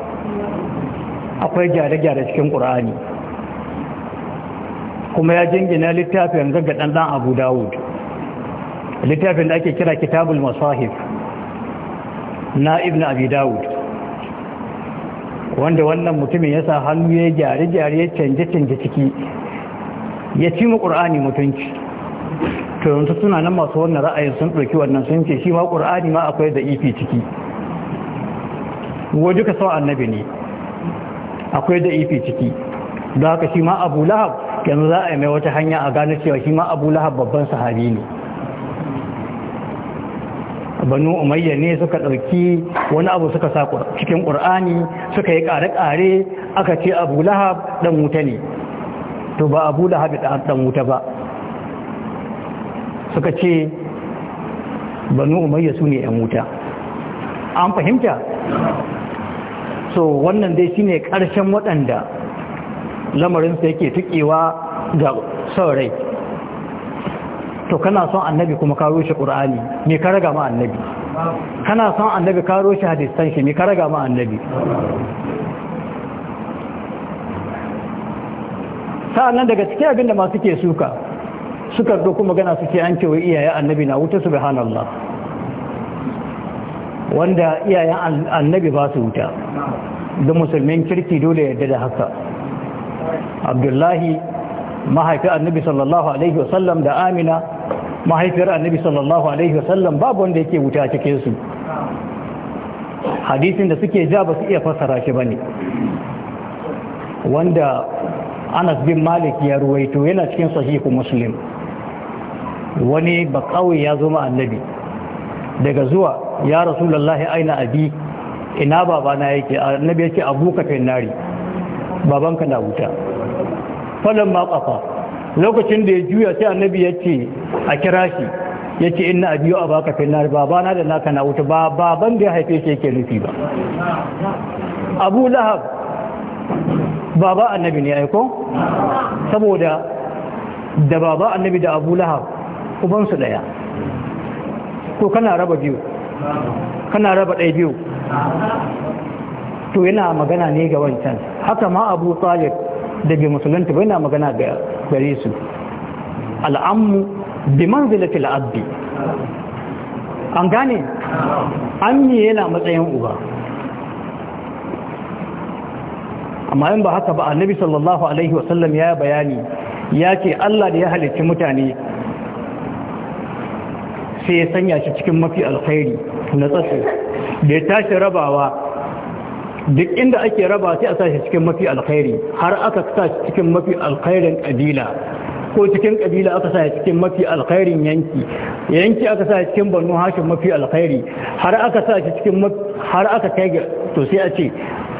Speaker 1: akwai gyare-gyare cikin ƙur'ani kuma ya jingina littafin ga dan abu dawud littafin da ake kira kitabul masahif na ibn abi dawud wanda wannan mutumin ya sa hannu ya gyare-gyare ya canje-canje ciki ya ci mu ƙur'ani mutunci to yanzu suna nan masu wannan ra'ayin sun ɗauki wannan sun ce shi ma ƙur'ani ma akwai da ifi ciki wa duka sau annabi ne akwai da ifi ciki da haka shi ma abu lahab yanzu za a yi mai wata hanya a gane cewa shi ma abu lahab babban sahabi ne banu umayya ne suka ɗauki wani abu suka sa cikin ƙur'ani suka yi ƙare-ƙare aka ce abu lahab ɗan wuta ne to ba abu lahab ɗan wuta ba suka ce banu umayya su ne ɗan wuta an fahimta so wannan dai ne ƙarshen waɗanda Lamarin sai yake tukewa ga saurayi. to kana son annabi kuma karo shi ƙur'ani me ka raga ma annabi kana son annabi karo shi hadisan shi me ka raga ma annabi sa'annan daga cikin abin da masu ke suka suka zo kuma gana suke an cewa iyaye annabi na wuta subhanallah wanda iyayen annabi ba su wuta da musulmin kirki dole yadda da haka abdullahi mahaifi annabi sallallahu alaihi wasallam da amina mahaifiyar annabi sallallahu alaihi wasallam babu wanda yake wuta cikin su hadisin da suke ja ba su iya fassara shi bane wanda Anas bin Malik ya ruwaito yana cikin sahihu Muslim wani bakawai ya zo annabi daga zuwa ya rasulullahi aina abi ina babana yake annabi yake abuka kai nari babanka na wuta falon maƙafa lokacin da ya juya sai annabi ya ce a kira shi ya ce ina a biyo a baka finnar babana da naka na wuta ba baban da ya haife shi yake nufi ba abu lahab baba annabi ne aiko saboda da baba annabi da abu lahab ubansu daya ko kana raba biyu kana raba ɗaya biyu to yana magana ne ga wancan haka ma abu talib da bi musulunta ba yana magana ga gare su al'ammu bi manzilati al'abdi an gane ammi yana matsayin uba amma in ba haka ba annabi sallallahu alaihi wasallam ya bayani ya ce Allah da ya halicci mutane sai ya sanya shi cikin mafi alkhairi na tsatsu da ya tashi rabawa duk inda ake raba sai a sashi cikin mafi alkhairi har aka sa cikin mafi alkhairin kabila ko cikin kabila aka sa cikin mafi alkhairin yanki yanki aka sa cikin banu hashim mafi alkhairi har aka sa cikin har aka kai ga to sai a ce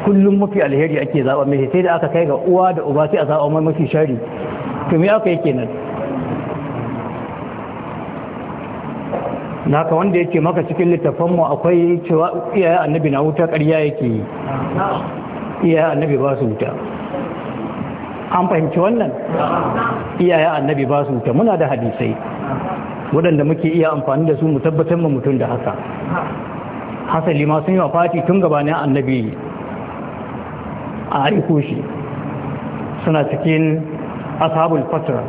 Speaker 1: kullum mafi alheri ake zaba mai sai da aka kai ga uwa da uba sai a zaba mai mafi shari to me aka yi kenan naka wanda yake maka cikin littafanmu akwai cewa iyaye annabi na wuta ƙarya yake yi iyaye annabi ba su wuta an fahimci wannan iyaye annabi ba su wuta muna da hadisai waɗanda muke iya amfani da su mu tabbatar ma mutum da haka hasali ma sun yi wa Fati tun gabanin annabi a aiko shi suna cikin ashabul fatra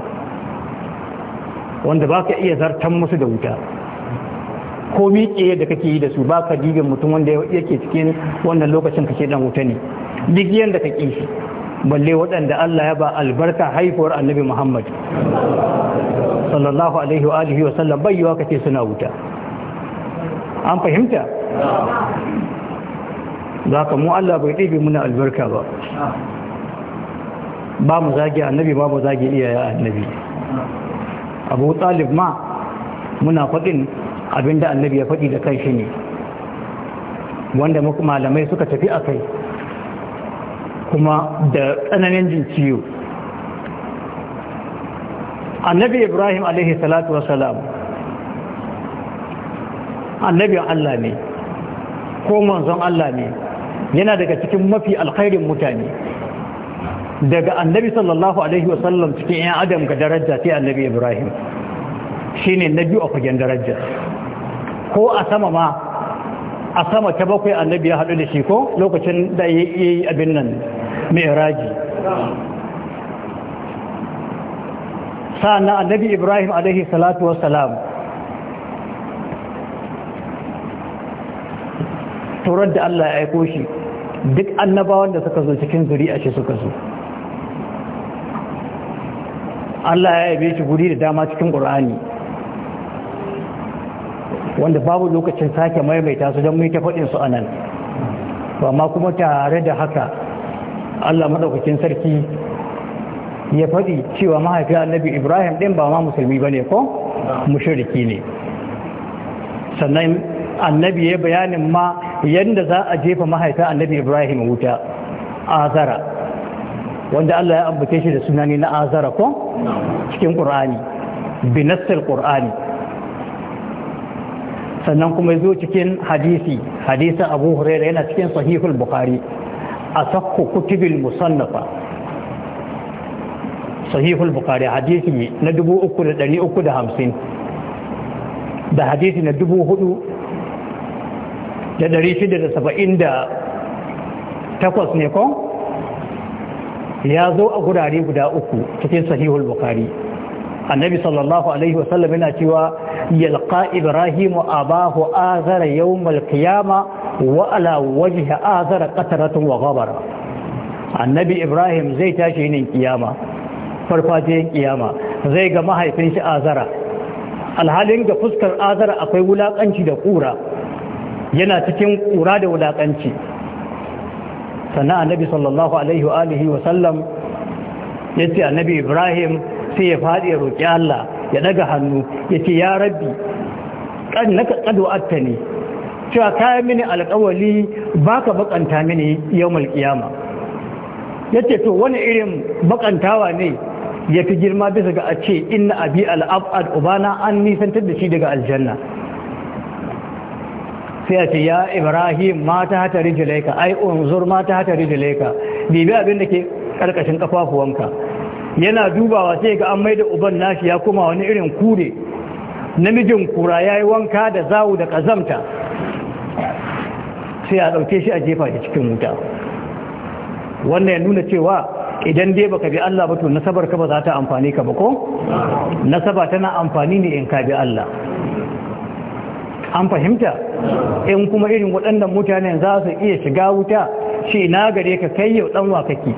Speaker 1: wanda baka iya zartan musu da wuta ko miƙe da kake yi da su ba ka digin mutum wanda yake cikin wannan lokacin kake dan wuta ne duk yanda ka ƙi shi balle waɗanda Allah ya ba albarka haifuwar annabi Muhammad sallallahu alaihi wa alihi wa sallam Bayyawa kace suna wuta an fahimta za ka mu Allah bai dibe muna albarka ba ba mu zage annabi ba mu zage iyaye annabi abu talib ma muna faɗin abinda annabi ya faɗi da kan shi ne wanda malamai suka tafi a kai kuma da tsananin jin ciwo annabi ibrahim alaihi salatu wasalam annabin allah ne ko manzon allah ne yana daga cikin mafi alkhairin mutane daga annabi sallallahu alaihi wasallam cikin 'yan adam ga daraja sai annabi ibrahim shine na biyu a fagen daraja ko a sama ma a sama ta bakwai annabi ya haɗu da shi ko lokacin da ya yi abin nan mai raji sa'an annabi ibrahim alaihi salatu salam? turar da allah ya aiko shi duk annabawan da suka zo cikin zuri'a shi suka zo allah ya yabe shi guri da dama cikin ƙur'ani wanda babu lokacin sake maimaita su don mita faɗin su a nan ma kuma tare da haka allah maɗaukakin sarki ya faɗi cewa mahaifin annabi ibrahim ɗin ba ma musulmi ba ne ko mushiriki ne sannan annabi ya bayanin ma yadda za a jefa mahaifin annabi ibrahim wuta azara wanda allah ya ambace shi da sunani na azara ko cikin ƙur'ani binastar ƙur'ani sannan kuma zo cikin hadisi hadisin abu huraira yana cikin sahihul bukhari a sakku kutubil musannafa sahihul bukhari hadisi na 3,350 da hadisi na 4,678 ne kon ya zo a gurare guda uku cikin sahihul bukhari annabi sallallahu alaihi wasallam yana cewa Yalƙa ibrahimu abahu azara yawmal qiyama wa ala wajhi azara wa ghabara annabi ibrahim zai tashi ne kiyama farfajiyar kiyama zai ga mahaifin shi azara alhalin ga fuskar azara akwai wulakanci da ƙura yana cikin ƙura da wulaƙanci. sannan annabi sallallahu alaihi wa alihi wa sallam yace annabi ibrahim sai ya faɗi ya roƙi Allah ya daga hannu ya ce ya rabbi na kadu'atta ne cewa kaya mini alkawali ba ka bakanta mini yau malkiyama ya ce to wani irin bakantawa ne ya fi girma bisa ga a ce inna abi al'ab'ad ubana an nisantar da shi daga aljanna sai a ce ya ibrahim mata hata rijilai ka ai unzur mata hata rijilai ka bibi abin da ke karkashin kafafuwanka yana dubawa sai ga an mai da uban nashi ya kuma wani irin kure namijin kura ya yi wanka da zawo da kazamta, sai a ɗauke shi a jefa da cikin wuta wannan ya nuna cewa idan dai baka bi Allah ba to nasabar ka ba za ta amfani ka ba ko nasaba tana amfani ne in ka bi Allah an fahimta in kuma irin waɗannan mutanen za su iya shiga wuta shi na gare ka kai yau ɗan wa kake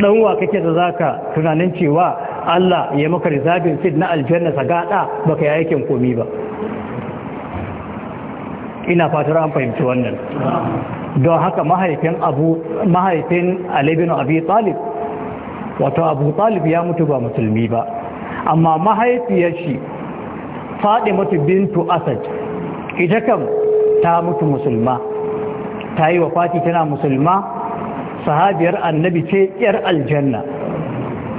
Speaker 1: ɗanwa wa kake da ka tunanin cewa Allah ya maka rizabin fit na aljanna gaɗa baka ka yakin komi ba ina fatar an fahimci wannan don haka mahaifin abu mahaifin Talib wato Abu Talib ya mutu ba musulmi ba amma mahaifiyar shi faɗi mutu bintu Asad ita kam ta mutu musulma ta yi Fati tana musulma sahabiyar annabi ce yar aljanna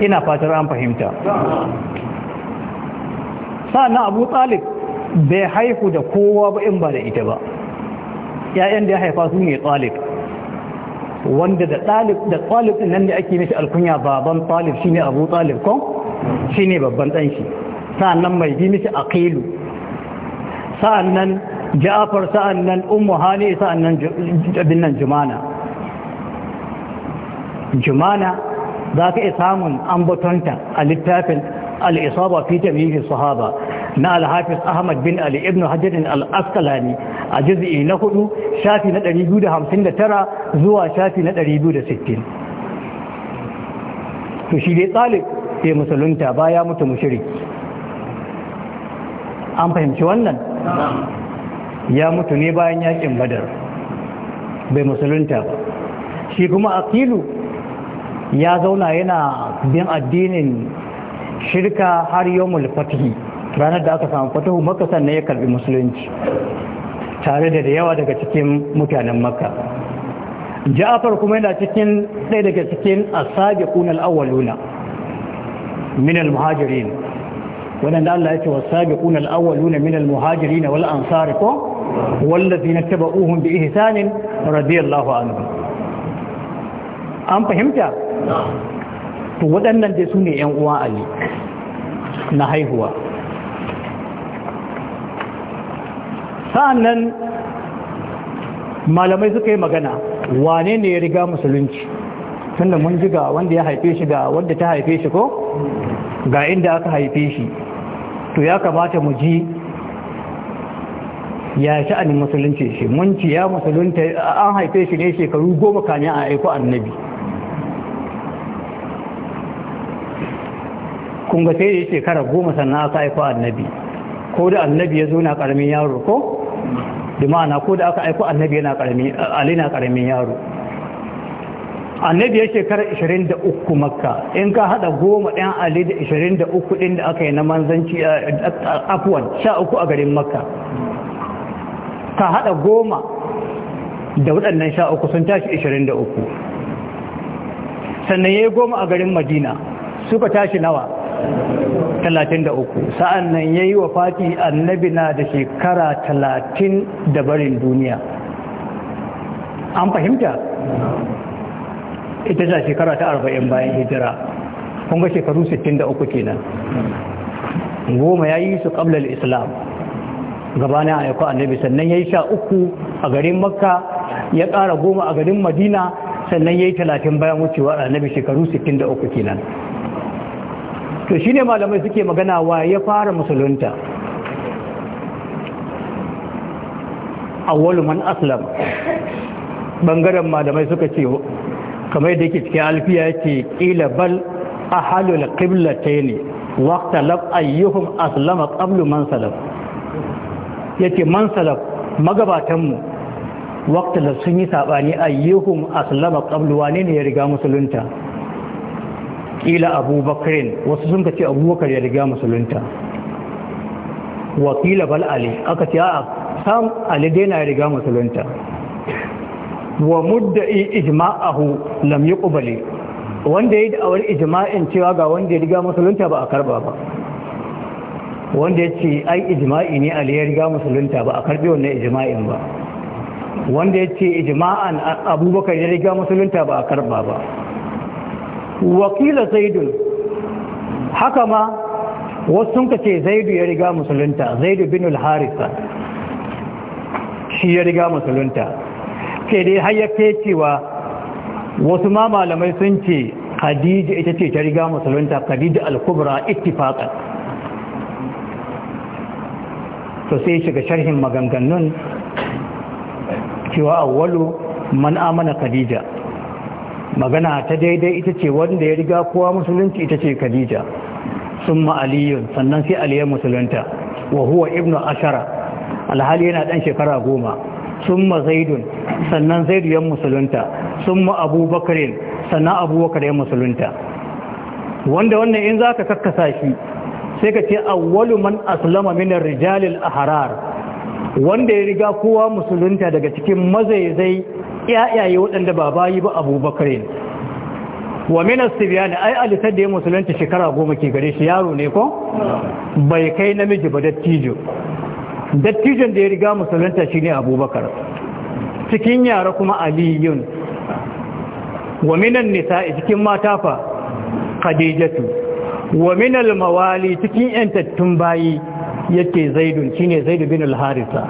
Speaker 1: ina fatar an fahimta na abu talib bai haihu da kowa ba in ba da ita ba ‘ya'yan da ya haifa su ne talib wanda da talib da talib nan da ake mishi alkunya baban talib shine abu talib kon shine babban shi sa'annan mai bi mishi aqilu sa'annan ja'afar sa'annan ummu hani sa'annan jumana jumana za ka iya samun ambatonta a littafin al'isaba fi tamihi sahaba na Alhafis ahmad bin ali ibn hajjadin al'askalani a jiz'i na hudu shafi na 259 zuwa shafi na 260 to shi dai tsalib ke musulunta baya mutu mushiri an fahimci wannan ya mutu ne bayan yakin badar bai musulunta ba shi kuma akilu ya zauna yana bin addinin shirka har yau fatihi ranar da aka samu fatihu makka sannan ya karbi musulunci tare da yawa daga cikin mutanen makka ja'afar kuma yana cikin ɗaya daga cikin asabiqun al min muhajirin wannan da Allah ya ce wasabiqun al-awwaluna min al-muhajirin wal ansari ko والذين اتبعوهم bi رضي radiyallahu anhu. an fahimta to waɗannan dai su ne ‘yan uwa ali na haihuwa sa'annan malamai suka yi magana wane ne ya riga musulunci tunda mun ji ga wanda ya haife shi ga wanda ta haife shi ko ga inda aka haife shi to ya kamata mu ji ya sha'anin musulunci shi mun ci ya musulunta an haife shi ne shekaru goma kamin a aiko annabi kun ga sai shekara goma sannan aka aiko annabi ko da annabi ya zo na karamin yaro ko da ma'ana ko da aka aiko annabi yana karamin ali na karamin yaro annabi ya shekara 23 makka in ka hada goma ɗan ali da 23 ɗin da aka yi na manzanci afuwan 13 a garin makka ka hada goma da waɗannan 13 sun tashi 23 sannan ya yi goma a garin madina suka tashi nawa 33 sa'an nan ya yi wa fati annabi na da shekara 30 da barin duniya an fahimta ita za shekara ta 40 bayan hijira ga shekaru 63 kenan goma ya yi su ƙablar islam gabanin ayyuka annabi sannan ya yi sha uku a garin makka ya ƙara goma a garin madina sannan ya yi talatin bayan wucewa annabi shekaru 63 kenan to shi ne malamai suke magana wa ya fara musulunta A waluman aslam bangaren malamai suka ce kamar yadda yake cikin alfiya ce ƙila bal ahalul ne waqta lab ayyuhum aslama qablu Mansalaf. Ya ce Mansalaf salaf magabatanmu waqta sun yi saɓani ayyuhum aslama ƙablu wane ne ya riga musulunta kila abubakarin wasu sun ka ce abubakar ya riga musulunta wakila bal ali aka ce a sam ali dai na riga musulunta wa mudda'i ijma'ahu lam yuqbali wanda yi da'awar ijma'in cewa ga wanda ya riga musulunta ba a karba ba wanda ya ce ai ijma'i ne ali ya riga musulunta ba a karbi wannan ijma'in ba wanda ya ce ijma'an abubakar ya riga musulunta ba a karba ba wakila zaidun haka ma wasu sun ce zaidu ya riga musulunta zaidu bin al shi ya riga musulunta ke dai hayyafe cewa wasu ma malamai sun ce hadiji ita ce ta riga musulunta Kadija al-kubra ittifaqan to sai shiga sharhin maganganun cewa awwalu man amana khadija magana ta daidai ita ce wanda ya riga kowa musulunci ita ce khadija sun ma'aliyun sannan sai aliyar musulunta wa huwa ibnu ashara alhali yana dan shekara goma sun ma zaidun sannan zaidu yan musulunta sun ma abubakarin sannan abubakar yan musulunta wanda wannan in za ka kakkasa shi sai ka ce awwalu man aslama minar rijalil ahrar wanda ya riga kowa musulunta daga cikin mazaizai yi waɗanda ba bayi ba abubakar ne wa minas ne ai alisar da ya musulunci shekara goma ke gare shi yaro ne ko bai kai namiji ba dattijo dattijon da ya riga musulunta ne abubakar cikin yara kuma aliyun wa minan nisa'i cikin mata fa khadijatu wa minal mawali cikin yantattun bayi yake zaidun shine zaidu bin al-harisa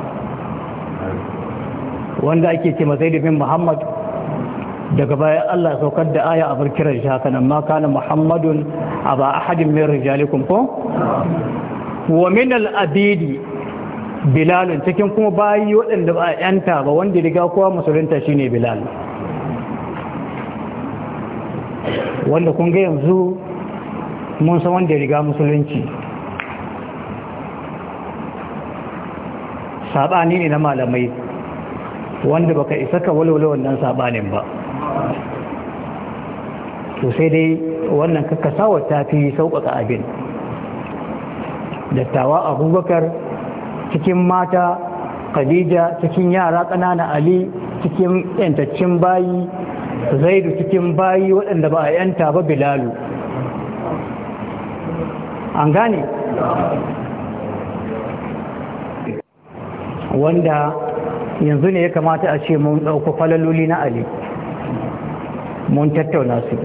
Speaker 1: wanda ake ce masai bin muhammad daga baya Allah saukar da aya a barkirar shi haka nan ma kana muhammadun a ba ahadin min rijalikum ko wa min al-abidi bilalun cikin kuma bayi waɗanda ba yanta ba wanda riga kowa musulunta shine bilal wanda kun ga yanzu mun san wanda riga musulunci saɓani ne na malamai wanda baka isa ka walwale wannan sabanin ba to sai dai wannan kasawa ta fi sauƙaƙa abin dattawa abubakar cikin mata khadija cikin yara ƙanana ali cikin yantaccen bayi zaidu cikin bayi waɗanda ba a yanta ba bilalu an gane wanda yanzu ne ya kamata a ce mun ɗauku falaloli na ali mun tattauna su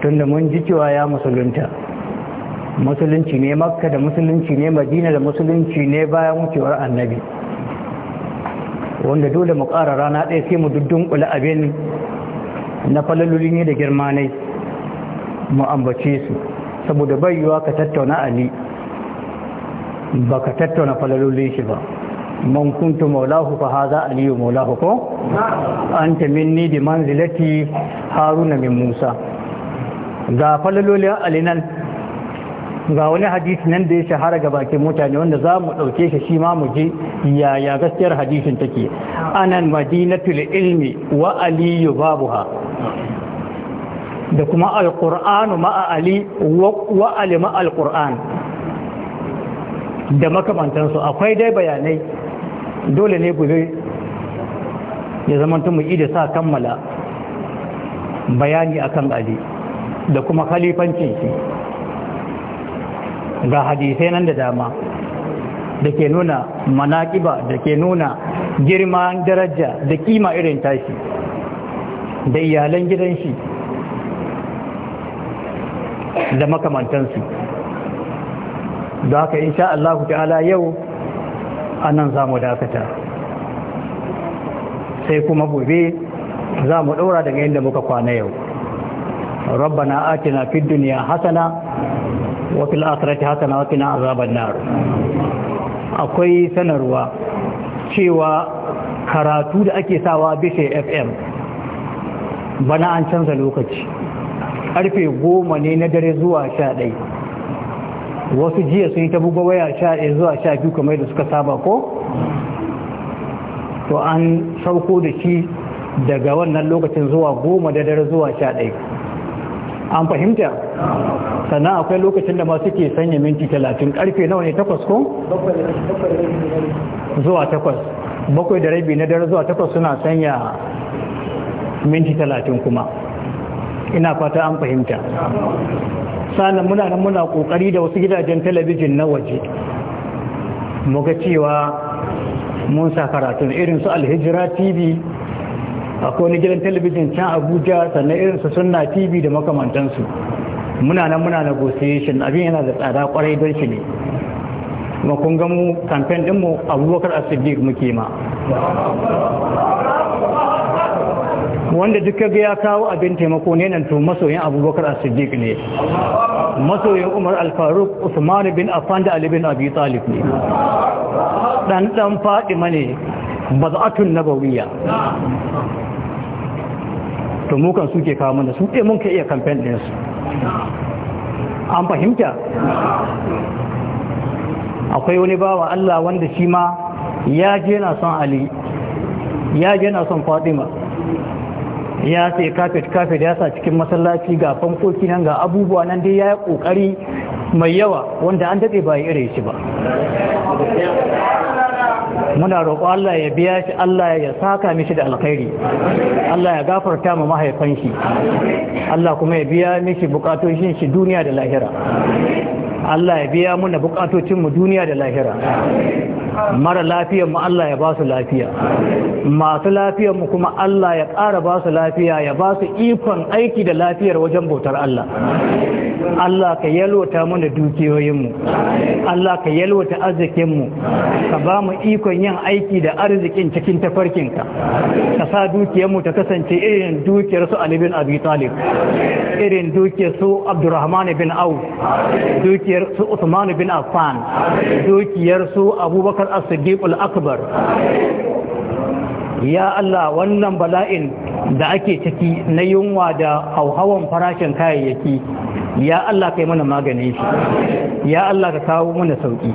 Speaker 1: tunda mun ji cewa ya musulunta musulunci ne makka da musulunci ne madina da musulunci ne bayan wucewar annabi wanda dole mu ƙara rana ɗaya sai mu duddun ƙula abin na falaloli ne da girma ne mu ambace su saboda bayuwa ka tattauna ali ba ka tattauna falaloli shi ba من كنت مولاه فهذا علي aliyu كو ko anta minni bi manzilati haruna min musa ga ga wani hadisi nan da ya shahara ga bakin mutane wanda za mu ɗauke shi shi ma mu ji yaya gaskiyar hadisin take anan madinatul ilmi wa aliyu ha. da kuma alƙur'anu ma'a ali wa alima alƙur'an da makamantansu akwai dai bayanai dole ne gobe ya zamanta mu ida sa kammala bayani akan ali da kuma khalifancin shi ga hadisai nan da dama da ke nuna manaƙiba da ke nuna girman daraja da kima irin tashi da iyalan gidan shi da makamantansu da haka insha Allah ta'ala yau anan nan za mu dakata sai kuma gobe za mu ɗora daga inda muka kwana yau rabbana atina fid duniya hasana wa fil akhirati hasana wa qina azaban nar akwai sanarwa cewa karatu da ake sawa bishe FM bana an canza lokaci karfe goma ne na dare zuwa sha ɗaya wasu jiya sun yi ta buga waya sha zuwa sha biyu kamar da suka saba ko to an sauko da shi daga wannan lokacin zuwa goma da dare zuwa sha ɗaya an fahimta sannan akwai lokacin da masu ke sanya minti talatin karfe nawa ne takwas ko? zuwa takwas bakwai da rabi na dare zuwa takwas suna sanya minti talatin kuma ina fata an fahimta sannan muna nan muna kokari da wasu gidajen talabijin na waje muga cewa mun sa karatun irin su alhijira tv akwai wani gidan talabijin can abuja sannan irin su sunna tv da makamantansu muna nan muna negotiation abin yana da tsada kwarai don shi ne kuma kun gamu kamfen ɗinmu abubakar asibir muke ma wanda duk kaga ya kawo abin taimako ne nan to masoyin abubakar as-siddiq ne masoyin umar al-faruq usman bin affan da ali bin abi talib ne dan dan fatima ne baz'atun nabawiyya to mu kan suke kawo mana su eh mun kai iya campaign din su an fahimta akwai wani bawa Allah wanda shi ma ya je na son Ali ya je na son Fatima ya sai kafet kafet ya sa cikin masallaci ga fankoki nan ga abubuwa nan dai ya yi kokari mai yawa wanda an daɗe ba irin shi ba muna roƙo Allah ya biya shi Allah ya saka mishi da alkhairi Allah ya gafarta ma mahaifan shi Allah kuma ya biya mishi bukatoshin shi duniya da lahira Allah ya biya muna bukatocin mu duniya da lahira mara lafiyar mu Allah ya ba su lafiya masu lafiyar mu kuma Allah ya ƙara ba su lafiya ya ba su ikon aiki da lafiyar wajen bautar Allah Allah ka yalwata mana dukiyoyinmu Allah ka yalwata arzikinmu ka ba mu ikon yin aiki da arzikin cikin tafarkinka ka sa dukiyarmu ta kasance irin dukiyar su Ali bin Abi Talib irin dukiyar su Abdurrahman bin Auf dukiyar su Uthman bin Affan dukiyar su Abubakar As-Siddiq al-Akbar ya Allah wannan bala'in da ake ciki na yunwa da hauhawan farashin kayayyaki ya Allah ka yi mana magani shi ya Allah ka kawo mana sauki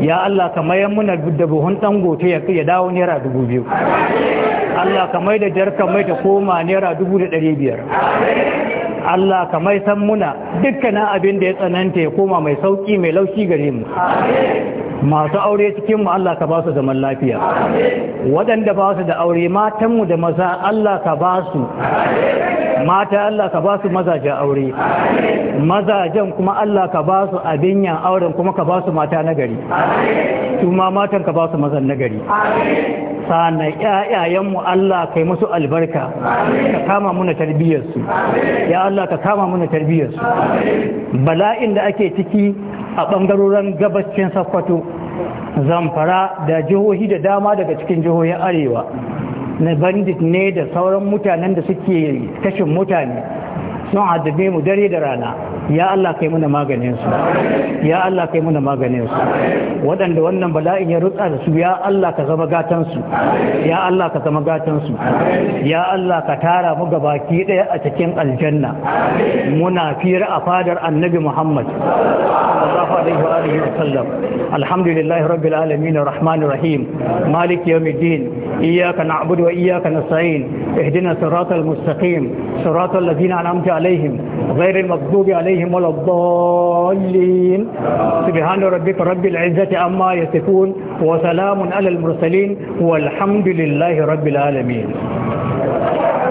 Speaker 1: ya Allah ka mayar mana da buhun ɗan gote ya dawo naira dubu biyu Allah ka mai da jarka mai ta koma naira dubu da ɗari biyar Allah ka mai san muna dukkanin abin da ya tsananta ya koma mai sauki mai laushi gare mu masu aure cikin mu Allah ka ba su zaman lafiya waɗanda ba su da aure matan mu da maza Allah ka ba su mata Allah ka ba su mazajen aure mazajen kuma Allah ka ba su abin yan auren kuma ka ba su mata nagari su kuma matan ka ba su mazan nagari sana ƴaƴayenmu Allah kai musu albarka ka kama muna tarbiyyarsu ya Allah ka kama muna tarbiyyarsu bala'in da ake ciki a ɓangarorin gabacin sakwato zamfara da jihohi da dama daga cikin jihohin arewa na bandit ne da sauran mutanen da suke kashin mutane sun addabe mu dare da rana ya Allah kai muna maganin su ya Allah kai muna maganin su waɗanda wannan bala'in ya rutsa da su ya Allah ka zama gatan su ya Allah ka zama gatan su ya Allah ka tara mu gabaki daya a cikin aljanna muna fir a fadar annabi Muhammad
Speaker 3: sallallahu alaihi wa alihi wa sallam
Speaker 1: alhamdulillahi rabbil alamin arrahmanir rahim maliki yawmiddin iyyaka na'budu wa iyyaka nasta'in ihdina siratal mustaqim siratal ladzina an'amta عليهم غير المغضوب عليهم ولا الضالين سبحان ربك رب العزة أما يصفون وسلام على المرسلين والحمد لله رب العالمين